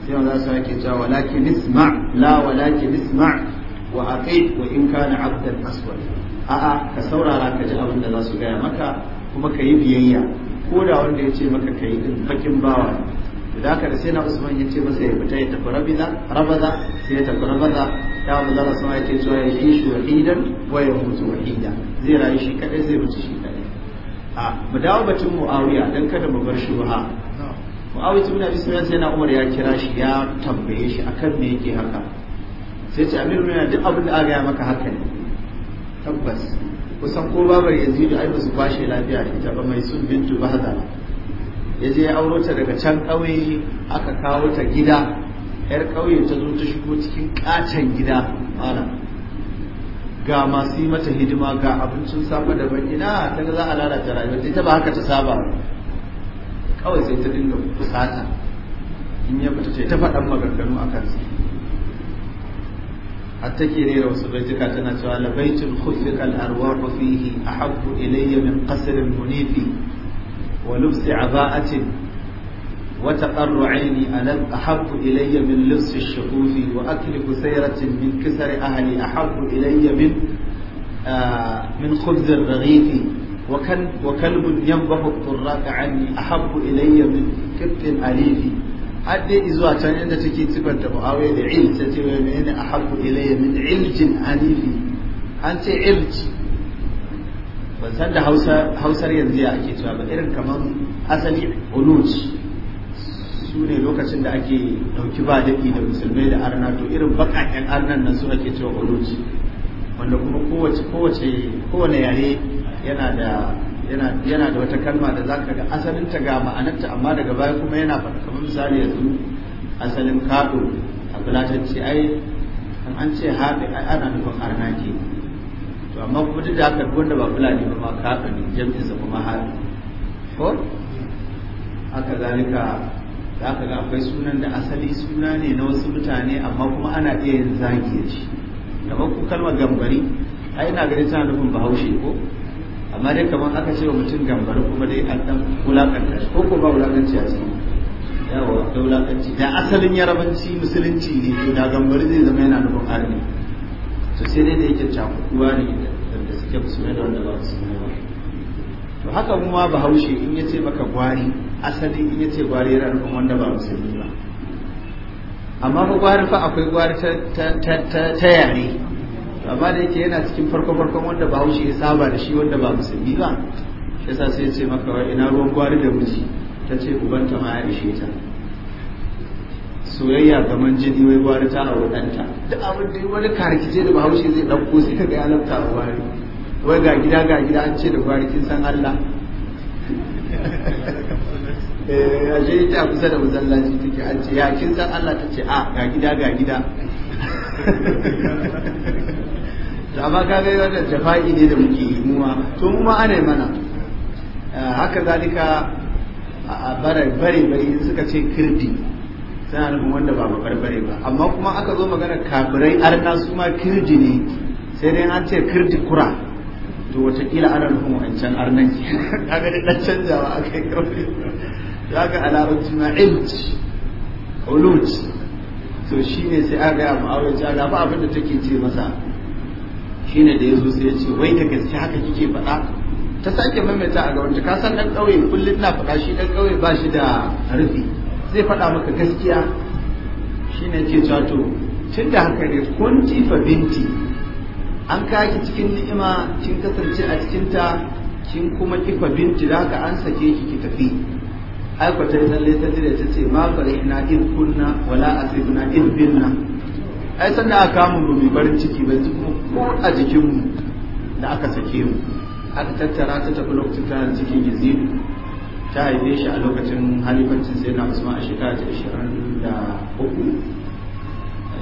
sai wanda su yake cewa walakin isma la walakin isma wa aqi wa in kana abdan aswad a'a ka saurara ka ji abin da za su gaya maka kuma ka yi biyayya ko da wanda ya ce maka ka yi din bakin bawa da haka da sai na usman ya ce masa ya fita ya tafi rabiza rabaza sai ya tafi rabaza ya mu zara sama ya ce ya yi shi wahidan wa ya mutu wahida zai rayu shi kadai zai mutu shi kadai a mu dawo batun muawiya dan kada mu bar shubha mu'awiyah ibn abi sufyan sai na umar ya kira shi ya tambaye shi akan me yake haka sai ce amiru ne duk abin da aka yi maka haka ne tabbas kusan ko babar yazidu ai ba su kwashe lafiya ita ba mai sun bintu ba ya je ya auro ta daga can ƙauye aka kawo ta gida yar ƙauye ta zo ta shigo cikin ƙaton gida malam ga masu yi mata hidima ga abincin safa da ina ta za a lalata rayuwa ta ba haka ta saba kawai sai ta dinga fusata in ya fita ce ta faɗan maganganu a kansa ta ke rera wasu baituka tana cewa labaitul khuffiqa al-arwahu fihi ahabbu ilayya min qasrin munifi wa lubsi aba'atin wa taqarru 'aini alam ahabbu ilayya min lubsi ash wa akli kusayratin min kisari ahli ahabbu ilayya min ah, min khubz rarifi. وكلب ينبح الطراق عني أحب إلي من كبت أليف hadde izuwa can inda take sifanta muawiya da il ta ce wai menene ahabbu ilayya min iljin an ce ilj ban san da hausar yanzu ya ake cewa ba irin kamar asali uluj su ne lokacin da ake ɗauki ba daɗi da musulmai da arna to irin baƙaƙen arnan nan su ake cewa uluj wanda kuma kowace kowace yare yana da yana da wata kalma da zaka ga asalin ta ga ma'anarta amma daga baya kuma yana faɗa kamar misali yanzu asalin kaɗo a bulatacce ai an an ce haɗe ai ana nufin arna ke to amma kuma duk da haka wanda ba fulani ba ma kaɗo ne jam'in sa kuma haɗe ko haka zalika ka ga akwai sunan da asali suna ne na wasu mutane amma kuma ana iya yin zagiyar shi kamar ku kalmar gambari ai ina ganin tana nufin bahaushe ko amma dai kamar aka ce wa mutum gambari kuma dai an dan wulakanta shi ko kuma wulakanci a ciki yawa da wulakanci da asalin yarabanci musulunci ne to da gambari zai zama yana nufin arni to sai dai da yake cakuɗuwa ne da suke musulmai da wanda ba musulmai ba to haka mu ma bahaushe in ya ce maka gwari asali in ya ce gwari yana nufin wanda ba musulmi ba amma ba gwari fa akwai gwari ta yare amma da yake yana cikin farko farkon wanda bahaushe ya saba da shi wanda ba musulmi ba shi yasa sai ce maka wa ina ruwan gwari da miji ta ce ubanta ma ya ishe ta soyayya kamar jini wai gwari ta auri ɗanta da abin da wani karkice da bahaushe zai ɗauko sai ka ga ya lafta a gwari wai ga gida ga gida an ce da gwari kin san Allah eh, a shi ta kusa da masallaci take an ce ya kin san Allah ta ce a ah, ga gida ga gida to amma ka ga wannan jafa'i ne da muke yi mu to mu ma ana mana eh, haka zalika a bare bare bare suka ce kirdi suna nufin wanda ba bakar bare ba amma kuma aka zo magana kafirai arna su ma kirdi ne sai dai an ce kirdi kura to watakila ana nufin wancan arnan kaga da dan canjawa aka yi kawai zaka a larabci ma ilci uluci to shine sai aka gaya a ma'awar jaga ba abinda take ce masa shine da yazo sai ya ce wai da gaske haka kike faɗa ta sake maimaita a wanda ka san dan ƙauye kullum na faɗa shi dan ƙauye ba shi da rufi zai faɗa maka gaskiya shine ce cewa tun da haka ne kunti fa binti an kaki cikin ni'ima kin kasance a cikin ta kin kuma kifa binti da haka an sake ki ki tafi ai ko ta lalle ta dire ta ce ma fa ina in kunna wala asibna in binna ai sannan aka kamun mu mai barin ciki ba ji ko a jikin mu da aka sake mu aka tattara ta tafi lokacin ta cikin yazidu ta haife shi a lokacin halifancin sai na usman a shekara ta ashirin da uku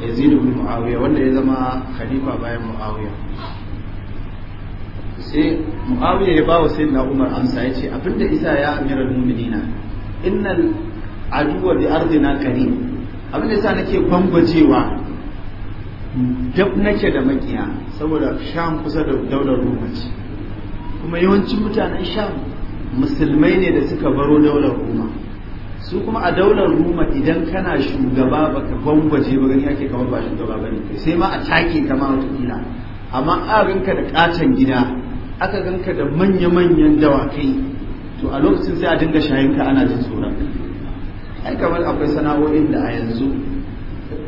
yazidu bin muawiya wanda ya zama khalifa bayan muawiya sai muawiya ya bawa sai na umar amsa ya ce abinda isa ya amiral mu'minina innal aduwa bi ardina karim abinda isa nake gwangwajewa dab nake da makiya saboda sham kusa da daular roma ce kuma yawancin mutanen sham musulmai ne da suka baro daular roma su kuma a daular roma idan kana shugaba baka gwangwaje ba gani ake kamar ba shugaba ba ne sai ma a take kama watakila amma a ganka da katon gida aka ganka da manya-manyan dawakai to a lokacin sai a dinga shayinka ana jin tsoron ai kamar akwai sana'o'in da a yanzu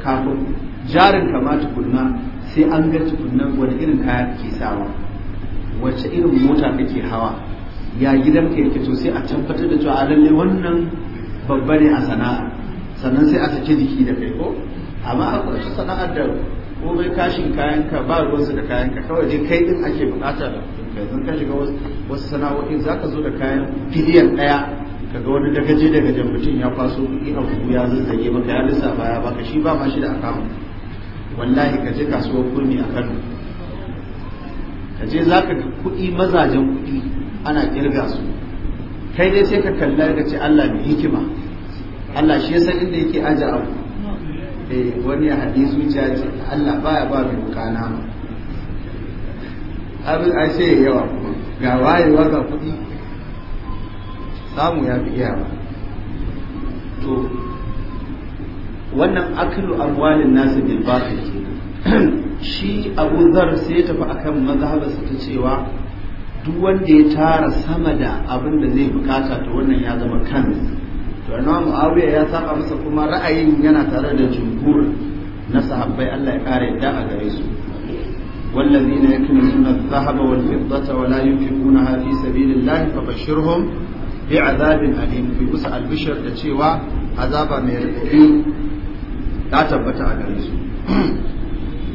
kafin jarin kama tukunna sai an ga tukunnan wani irin kaya ke sawa wacce irin mota kake hawa ya gidan ka yake to sai a tabbatar da cewa a lalle wannan babba ne a sana'a sannan sai a sake jiki da kai ko amma akwai sana'ar da komai kashin kayan ka ba ruwansu da kayan ka kawai je kai din ake bukata zan ka shiga wasu sana'o'in zaka zo da kayan biliyan daya kaga wani dagaje jan mutum ya kwaso kuɗi a ya zazzage maka ya lissafa ya baka shi ba ma shi da akawun. wallahi ka je kasuwar kurmi a kano ka je za ka kuɗi mazajen kuɗi ana kirga su kai dai sai ka kalla ka ce Allah mai hikima Allah shi ya san inda yake aje abu eh wani ya haɗe zuciya ce Allah baya ba mai bukana ma abin a ce yawa ga wayewa ga kuɗi samu ya fi iyawa to wannan aklu amwalin nasu bil batil shi Abu Dharr sai ya tafi akan su ta cewa duk wanda ya tara sama da abin da zai bukata to wannan ya zama kansa to Imam Muawiya ya saba masa kuma ra'ayin yana tare da jumhur na sahabbai Allah ya kare yadda a gare su والذين يكنزون الذهب والفضة ولا ينفقونها في سبيل الله فبشرهم bi azabin alim bi musu albishir da cewa azaba mai rubutu ta tabbata a gare su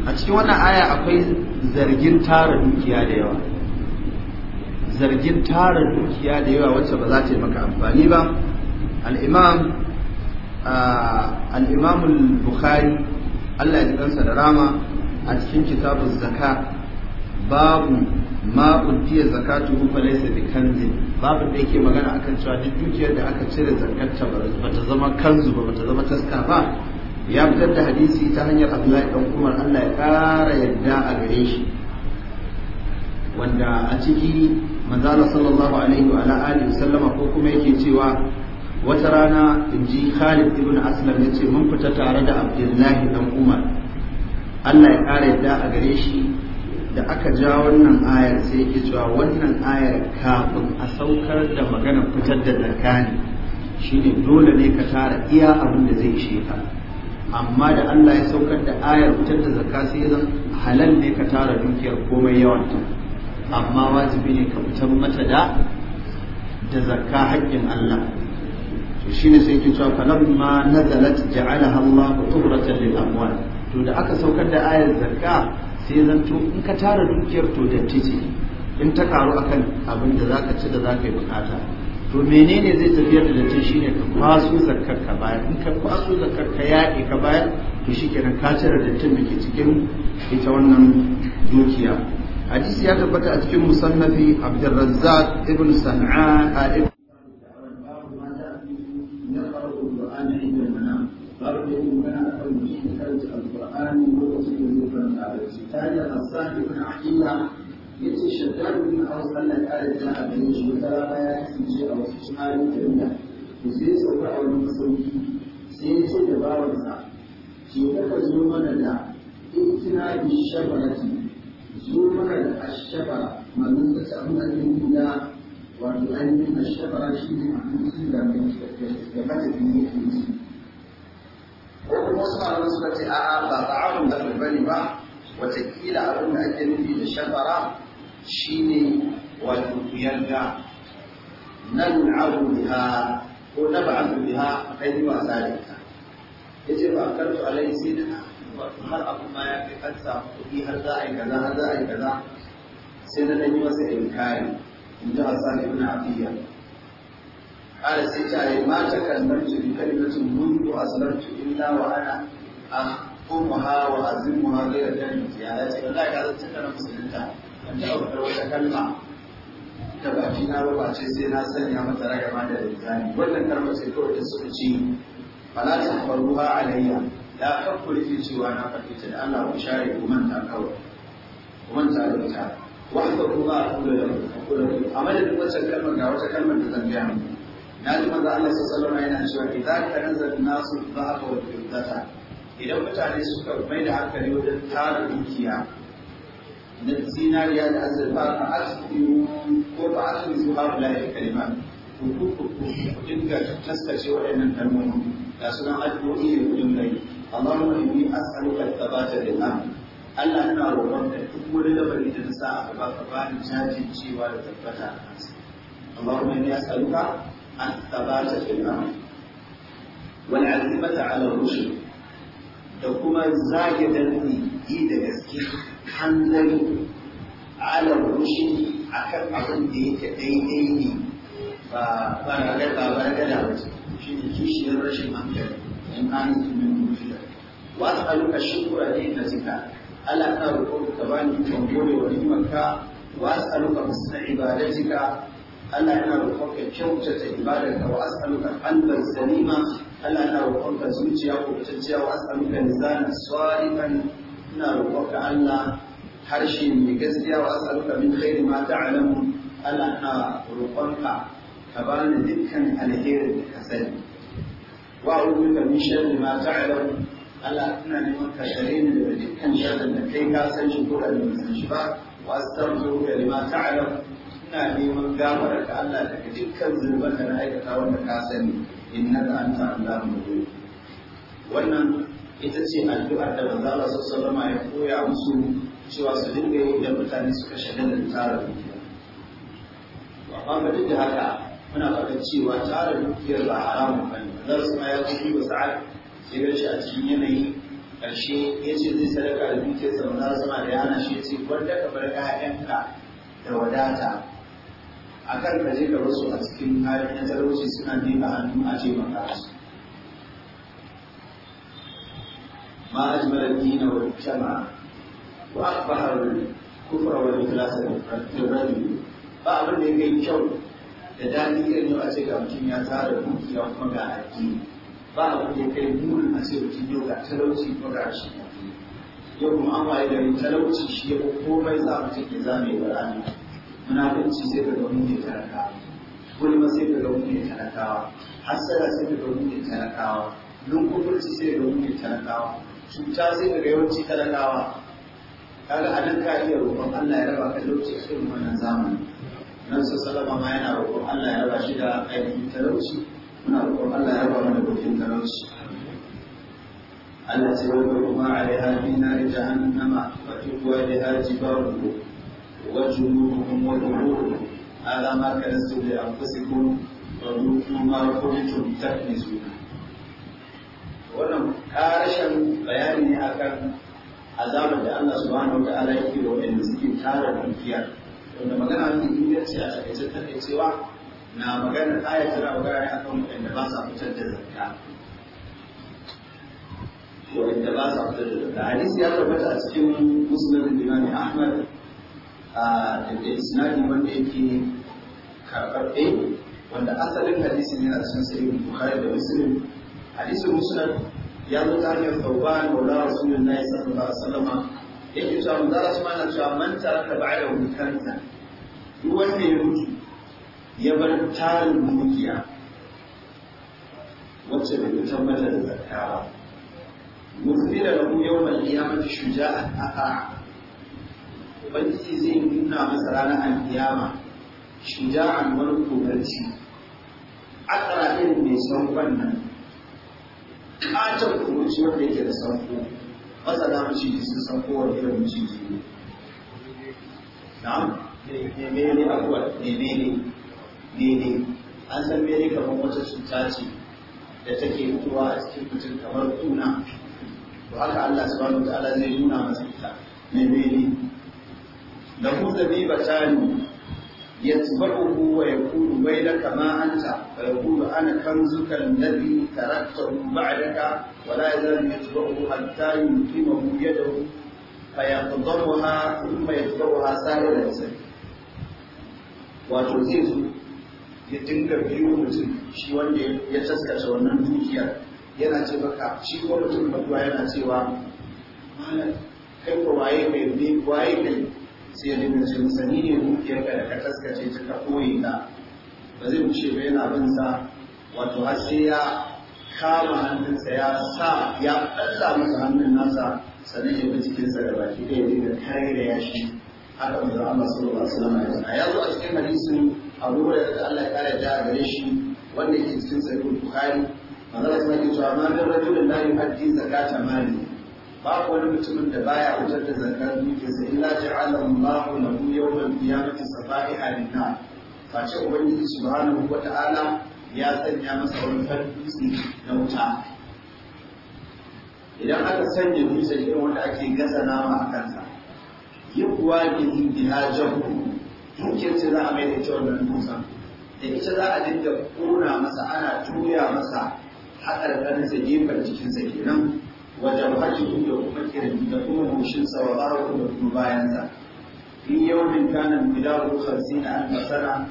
a cikin wannan aya akwai zargin tara dukiya da yawa zargin tara dukiya da yawa wacce ba za ta yi maka amfani ba al'imam al'imam bukhari allah ya ji kansa da rama a cikin kitabun zaka babu ma uddiya zakatu fa laysa bi kanzin babu da yake magana akan cewa duk dukiyar da aka cire zakarta ba ta zama kanzu ba ta zama taska ba ya fitar da hadisi ta hanyar Abdullahi dan Umar Allah ya ƙara yadda a gare shi wanda a ciki manzala sallallahu alaihi wa ala alihi sallama ko kuma yake cewa wata rana inji Khalid ibn Aslam yace mun fita tare da Abdullahi dan Umar Allah ya ƙara yadda a gare shi da aka ja wannan ayar sai yake cewa wannan ayar kafin a saukar da magana fitar da shi ne shine dole ne ka tara iya abin da zai ishe ka amma da Allah ya saukar da ayar fitar da zakka sai zan halal ne ka tara dukiyar komai yawanta amma wajibi ne ka fitar mata da da zakka haƙƙin Allah to shine sai yake cewa falamma nazalat ja'alaha Allah tuhratan lil amwal to da aka saukar da ayar zakka sai zanto in ka tara dukiyar to da tije in ta karu akan abin da zaka ci da zaka yi bukata to menene zai tafiyar da dace shine ka kwaso zakkar ka bayar in ka kwaso zakkar ka yaƙi ka bayar to shikenan ka cire dattin da ke cikin ita wannan dukiya hadisi ya tabbata a cikin musannafi abdurrazzaq ibn san'a tare da Hassan ibn Aqila yace shaddad ibn Aws Allah ya kare ta a cikin shi ta rana ya a wasu sunayen kirinda to sai ya a wani masauki sai ya ce da bawansa shi ka zo mana da ikina bi shabarati zo mana da wato ainihin shi ne da suna a'a ba ba'arun ba watakila abin da ake nufi da shakara shine wato ku yarda nan abu biha ko na ba abu biha a yi wasa da ita ya ce ba a karto alai sai da har abu ma ya kai kansa kuɗi har za a yi kaza har za a yi kaza sai na ɗan yi masa inkari in ji hasan ibn abiyya قال سيدي ما تكلمت بكلمة منذ أسلمت إلا وأنا أخ Ko ummuha wa azimuha ghayra kalmi ziyada ce wallahi ka zance kana musulunta ban ta aure wata kalma ta baki na ba ce sai na sanya mata ragama da rizani wannan kalma ce kawai ta suka ce fala ta faruha alayya Ya kakku rike cewa na faɗi ta da Allah ku share ku manta kawai ku manta da ita wanda kuma a kula da ku a madadin wacce kalmar ga wata kalmar da zan biya muku na ji maza Allah sallallahu alaihi wasallam yana cewa idan ka nazar nasu za'a wa firdata idan mutane suka mai da hankali wajen tara dukiya na zinariya da azurfa a asibiru ko ba asibiru su haru layi kalima ku ku ku dinga taskace waɗannan kalmomi ga sunan addu'o'i da gudun rai Amma Allahumma inni as'aluka thabata lil amr Allah ina roƙon ka duk wani lamari da na sa aka ba ka bani jajin cewa da tabbata a kansa a inni as'aluka an thabata fil amr wal 'azimata 'ala rushd da kuma zage dantse yi da gaske hanzari alar rushin a kan abin da yake daidai ne ba ba ragada ba ragada ba shi ne kishiyar rashin hankali in an yi min mutuwa wasu aluka shukura ne na zika ala ta roƙo ka bani kan gode wa nimanka wasu aluka musta ibadatika Allah yana roƙon ka kyautata ibadarka wa as'aluka qalban salima Allah na roƙonka zuciya ko tacciya wa as'aluka lisanan sarikan ina roƙonka Allah harshe mai gaskiya wa as'aluka min khairi ma ta'lamu Allah na roƙonka ka bani dukkan alherin da ka sani wa a'udhu min sharri ma ta'lamu Allah ina neman ka share ni daga dukkan sharrin da kai ka san shi ko da ban san shi ba wa astaghfiruka lima ta'lamu ina neman gafarar ka Allah daga dukkan zulman da na aikata wanda ka sani innaka anta allahu ghayb wannan ita ce addu'ar da manzo Allah sallallahu alaihi ya koya musu cewa su dinga yi da mutane suka shagalta da tsara dukiya amma ba duk da haka muna faɗin cewa tsara dukiyar ba haramun bane manzo su ma ya ce ba sa'ad sai ya ce a cikin yanayi karshe ya ce zai sadaka da dukiyar sa manzo Allah da ya hana shi ya ce wanda ka bar ƴaƴanka da wadata akan ka je ka rasu a cikin halin na talauci suna miƙa hannu a ce maka su ما أجمل الدين والمجتمع وأقبح الكفر والإخلاص Ba بعض اللي يجي يشوف da daɗi irin yau a ce ga mutum ya tsara dukiya kuma ga addini ba abu da kai murin a ce mutum yau ga talauci kuma ga shi yau kuma an waye garin talauci shi ya komai za mutum ya zame wa rana munafunci sai ka ga wani talakawa gulma sai ka ga wani talakawa hassara sai ka ga wani talakawa lunkufurci sai ka ga wani talakawa cuta sai ka ga yawanci talakawa kaga a nan ka iya roƙon Allah ya raba ka lauci a irin wannan zamani nan sai salama ma yana roƙon Allah ya raba shi da aikin talauci muna roƙon Allah ya raba mana gudun talauci التي وجدوا ما عليها في نار جهنم وتكوى لها جباهه وجنوبكم وظهوركم هذا ما كنزتم لأنفسكم وذوقوا ما كنتم تكنزون wannan karashin bayani ne akan azabar da Allah subhanahu wa ta'ala yake wa wanda suke tara dukiya wanda magana ne inganci a takaice takaicewa na maganar ayat da magana ne akan wanda ba sa fitar da zakka wanda ba sa fitar da zakka hadisi ya tabbata a cikin musnad Imam Ahmad daga isnadi wanda yake karɓarɓe wanda asalin hadisi ne a cikin sahihin bukhari da muslim hadisin musnad ya zo ta hanyar tauban maula rasulullahi sallallahu alaihi wasallam yake cewa manzo Allah na cewa man taraka ba'da mutanza duk wanda ya mutu ya bar tarin dukiya wacce bai tabbata da zakka ba mutsi da lahu yawmal qiyamati shuja'an aqa ubangiji zai nuna masa ranar alkiyama shuja'an wani kogarci a irin mai sankon nan can kogarci wanda yake da sanko masa na mace sun sanko wani irin mace ne na ne ne ne ne ne ne an san mene kamar wata cuta ce da take mutuwa a cikin mutum kamar kuna to haka Allah subhanahu wa ta'ala zai nuna masa ita ne ne da muzabi ba ta ne ya tsibar ugu ya kuru bai da kama'anta ba ya kuru ana kan zukar nabi karakta ugu ba a daga wala ya zama ya tsibar ugu hatta mu ya ya tsibar ha kuru ma ya tsibar ha sare da sai wato zai zo ya dinga biyu mutum shi wanda ya taskace wannan dukiyar yana ce shi kuma mutum ba yana cewa malam kai ko waye mai waye sai ya dinga cin sani ne dukiyar ka da ka taskace ta ka koyi ta ba zai wuce ba yana bin sa wato har sai ya kama hannunsa ya sa ya ɗalla masa hannun nasa sannan ya bi cikinsa da baki ɗaya ya dinga kare da yashi haka manzo Allah sallallahu alaihi wasallam ya zo a cikin hadisin Abu da Allah ya kare da gare shi wanda yake cikin sahih Bukhari manzo Allah ya ce ma min rajulin la yu'addi zakata mali ba wani mutumin da baya wutar da zakar dukiyarsa illa ja'ala Allahu lahu yawmal qiyamati safa'iha lin-nar face ubangiji subhanahu wa ya sanya masa wani farfisi na wuta idan aka sanya dutse irin wanda ake gasa nama a kansa yi kuwa da indiya jahu za a mai da kyau wannan dutsen da ita za a dinga ƙona masa ana tuya masa haɗar ɗansa gefen jikinsa kenan wajen hajjin da kuma kirin da kuma mushin wa da kuma bayansa in yau min kanan bidaru hamsin an masana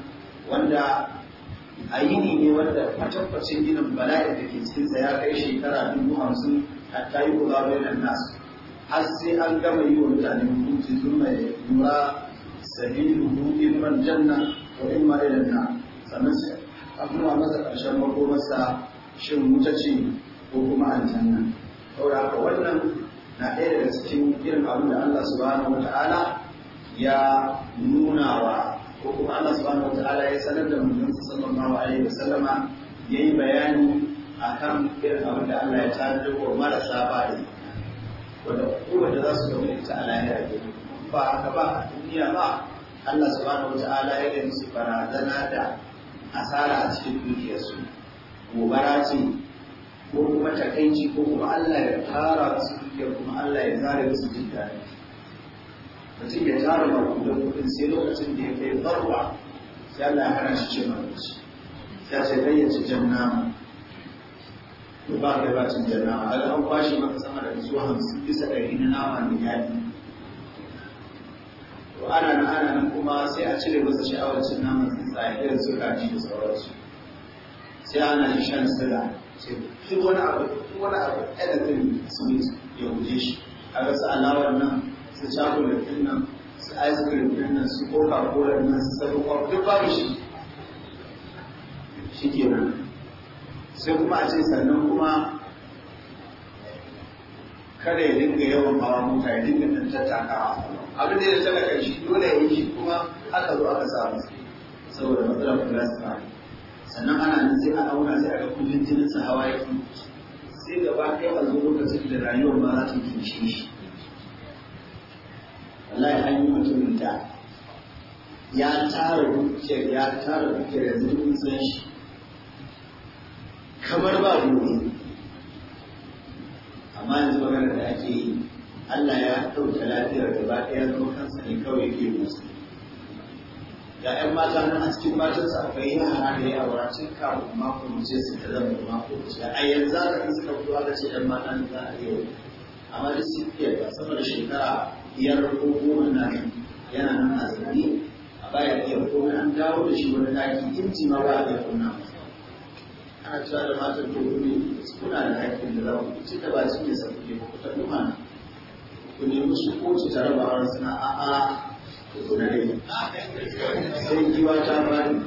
wanda a yi ne wanda matabbacin ginin bala'i da ke cikinsa ya kai shekara dubu hamsin a yi kula bai nasu har sai an gama yi wa mutane mutunci sun mai lura sabin in man janna ko in ma ilan na sannan sai a kuma masa ƙarshen makomarsa shin wuta ko kuma aljanna saboda haka wannan na ɗaya daga cikin irin abin da Allah subhanahu wata'ala ya nuna wa ko kuma Allah subhanahu wata'ala ya sanar da mutum sallallahu alaihi salama ya yi bayani a kan irin abin da Allah ya tanadar wa marasa ba da wanda kowace za su gama ta a lahira ke ba haka ba a duniya ba Allah subhanahu wata'ala ya yi musu barazana da asara a cikin dukiyarsu gobara ce ko kuma takaici ko kuma Allah ya tara su dukiyar kuma Allah ya zare musu jin daɗi mutum ya tara makudan kuɗin sai lokacin da ya kai barwa sai Allah ya hana shi ce abinci sai sai dai ya ci janna to ba kai ba cin janna har an kwashe maka sama da zuwa hamsin bisa ɗari na nama mai yaɗi to ana na ana nan kuma sai a cire masa sha'awar cin naman tsuntsaye irin su kaji da sauransu sai ana shan sila sai wani abu wani abu anything sweet ya guje shi a ga su alawar nan su chocolate din nan su ice cream din nan su coca cola nan su sabu kwaf duk babu shi shi kenan sai kuma a ce sannan kuma kada ya dinga yawan hawa mota ya dinga nan tattakawa abin da ya talaka shi dole ya yi shi kuma aka zo aka samu saboda matsalar su plastic sannan ana nan sai a auna sai a ga kudin jinin sa hawa yake sai gaba ɗaya a zo lokacin da rayuwar ba za ta tushe shi wallahi an yi mutumin da ya tara dukiyar ya tara dukiyar yanzu mun san shi kamar ba gobe amma yanzu magana da ake yi Allah ya ɗauke lafiyar gaba ɗaya zo kansa ne kawai ke musu da ‘yan mata nan a cikin sa akwai yin hana da ya wara tun kafin mako mace su ta zama mako mace a yanzu za ka suka fito aka ce ‘yan mata za a yi amma duk sun fiye ba sama da shekara biyar ko goma na yana nan a zaune a baya iya komai an dawo da shi wani daki inji ma ba a iya kunna ana cewa da matan to su kuna da haƙƙin da za ku ci da ba su ne sauƙi ba ku ta duma ku nemi su ko ta raba har suna a'a sai giwa ta bani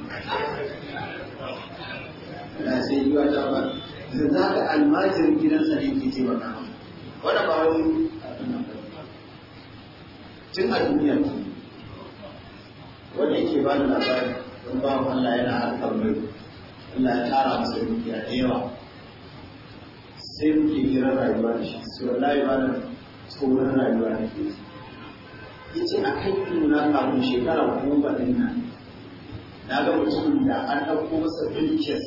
na sai giwa ta bani yanzu haka almajirin gidansa ne ke taimaka wanda ba wani tun a duniya wanda yake ba da labari don ba Allah yana harkar mai Allah ya tara masa dukiya da yawa sai muke giran rayuwa da shi sai wallahi ba da tsoron rayuwa da ke yace ce a kai na kafin shekara goma din nan na ga mutumin da an dauko masa bilkes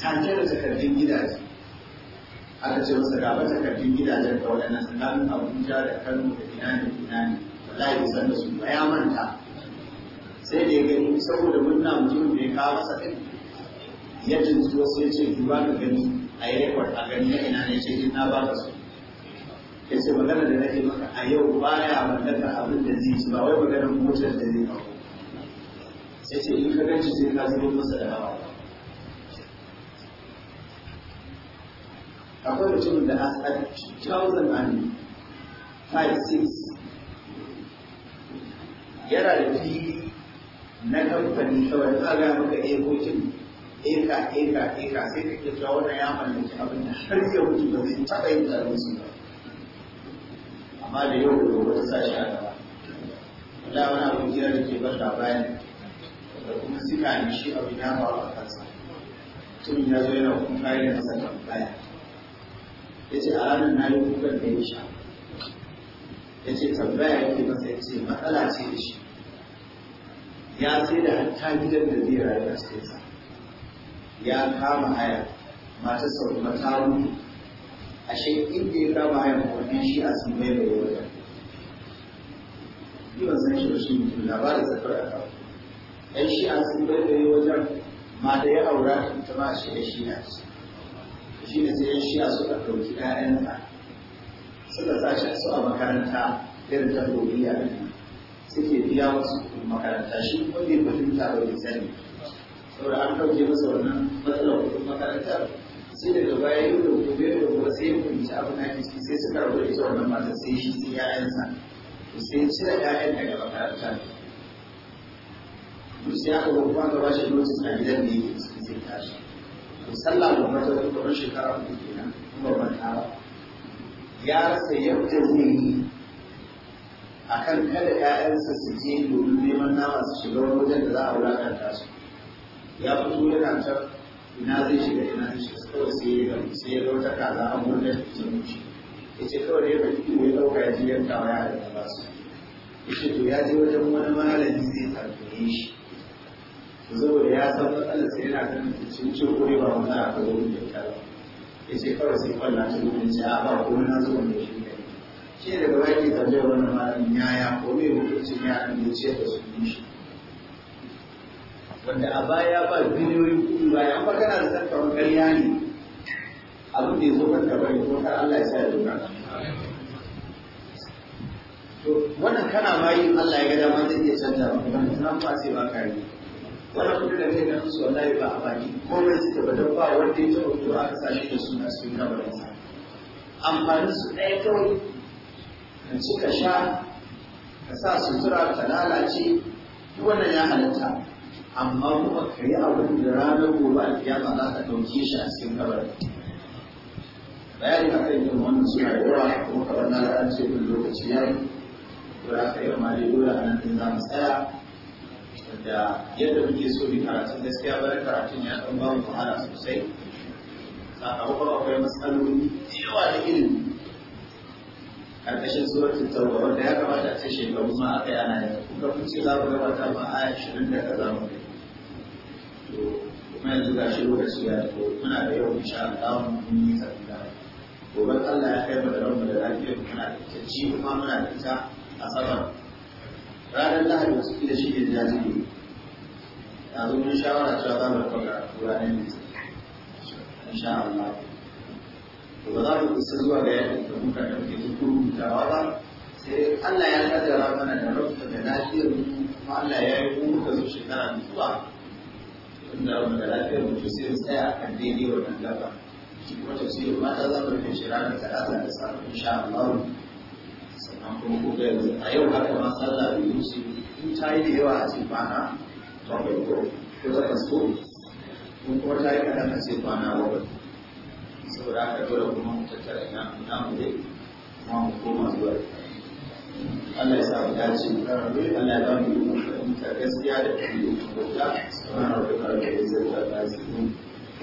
tace da takardun gidaje aka ce masa gaba takardun gidajen da waɗannan tsakanin abuja da kano da ina da ina ne wallahi bai da su ba ya manta sai da ya gani saboda murna mutumin da ya kawo masa ɗin ya jinsu wasu ya ce duba ka gani a yi rekord a gani na ina ne ce na ba ka su ya ce magana da nake maka a yau ba ya mallaka abin da zai ci ba wai magana motar da zai kawo sai ce in ka ganci sai ka zubo masa da hawa akwai mutumin da a at yana da fili na kamfani kawai za ga maka ekokin eh, eka eka eka sai ka ke jawo ya mallaki abin da har zai mutu ba zai taɓa yin tsarin su ba amma da yau da gobe ta sashi a gaba wanda wani abin gida da ke bar labari da kuma sika ne shi abu ya faru a kansa tun ya zo yana kuma kayan da masa tambaya ya ce a ranar na yi kukan da ya sha ya ce tambaya yake masa ya ce matsala ce da shi ya sai da hatta gidan da zai rayu a cikinsa ya kama haya masu sauri ta mutu ashe inda ya kama hayan kwanan shi a sun mai da wani yi shi san shi da shi labarin zafar a kawo ɗan shi a sun mai da wajen ma da ya aura da ita ma shi da shi a shi ne sai yan shi a suka ɗauki ɗayansa suka sace su a makaranta irin ta doriya da suke biya wasu makaranta shi kuma ne fahimta da wani sani saboda an ɗauke masa wannan matsalar kuɗin makarantar sai daga baya yau da gobe da gobe sai ya fahimci abin da ciki sai suka rabu da ita wannan mata sai shi sai ya'yansa sai ya cire ya'yan daga makaranta sai aka gobe aka ba shi notice a gidan da yake ciki sai tashi sallah ba mata wani kamar shekara uku kenan kuma ban ta ya rasa yadda zai yi a kan kada ‘ya'yansa su je domin neman nama su shiga wajen da za a wulakanta su ya fito yana can ina zai shiga ina zai shiga kawai sai ya zauta za a murna ta mushi ya ce kawai dai baki mai ɗauka ya ji yankawa ya da ba su ya ce to ya je wajen wani malami zai tarbiye shi saboda ya san matsalar sai yana kan cincin kure ba wani a kawo da ta ya ce kawai sai kwalla ta gudun ce a ba ko na zuwa mai shi ne daga baki tambayar wannan malamin yaya ko mai mutuncin ya an ce da su shi wanda a baya ba biliyoyin kuɗi bayan magana da ƙarya ne abinda ya zo kan bari ko dokar Allah ya sa ya doka to wannan kana ma yin Allah ya ga dama zai iya canja ba kuma na ba sai ba ka wannan kudin da kai ganin su wallahi ba a baki komai suka ba don ba wanda ya taɓa to aka shi da suna su ba sa amfanin su ɗaya kawai kan ci ka sha ka sa sutura ta lalace duk wannan ya halatta amma kuma ka yi abin da ranar gobe a kiyama za ka ɗauke shi a cikin kabarin bayani a kan yin wannan suna yi yawa kuma kamar na an ce min lokaci ya yi to da aka yi ma dai dole a nan za mu tsaya da yadda muke so bi karatun gaskiya bari karatun ya ɗan ba mu wahala sosai sakamakon akwai matsaloli da yawa da ilimi ƙarƙashin suratul tauba wanda ya kamata a ce shekaru ma aka yi ana yi kuma kun ce za ku gabata ma aya ashirin da kaza mu kai to kuma yanzu ga shi lokaci ya tafi muna da yau insha Allah mun yi tafi gobe Allah ya kai mana ranmu da lafiyar muna da ita ji kuma muna da ita a sabar ranar lahadi wasu kila shi ne da zo mun shawara cewa za mu rufe karatu ranar litinin insha Allah to ba za mu kusa zuwa ga yadda da muka ɗauke duk rubutawa ba sai Allah ya kaddara mana da rabu da lafiyar mu kuma Allah ya yi mu muka zo shekara zuwa inda rabu da lafiyar mu to sai mu tsaya a kan daidai wannan gaba kuma tafsirin mata za mu rufe shi ranar talata da safe insha Allah sannan kuma ko ga yanzu a yau haka ma sallah biyu ce in ta yi da yawa a cikin kwana bakwai ko ko ta kasko in kuma ta yi kaɗan a cikin kwana bakwai saboda haka dole kuma mu tattara ina mu dai kuma mu koma zuwa Allah ya sa mu dace Allah ya ba mu yi gaskiya da kuma yi kuma da sauran da zai da zai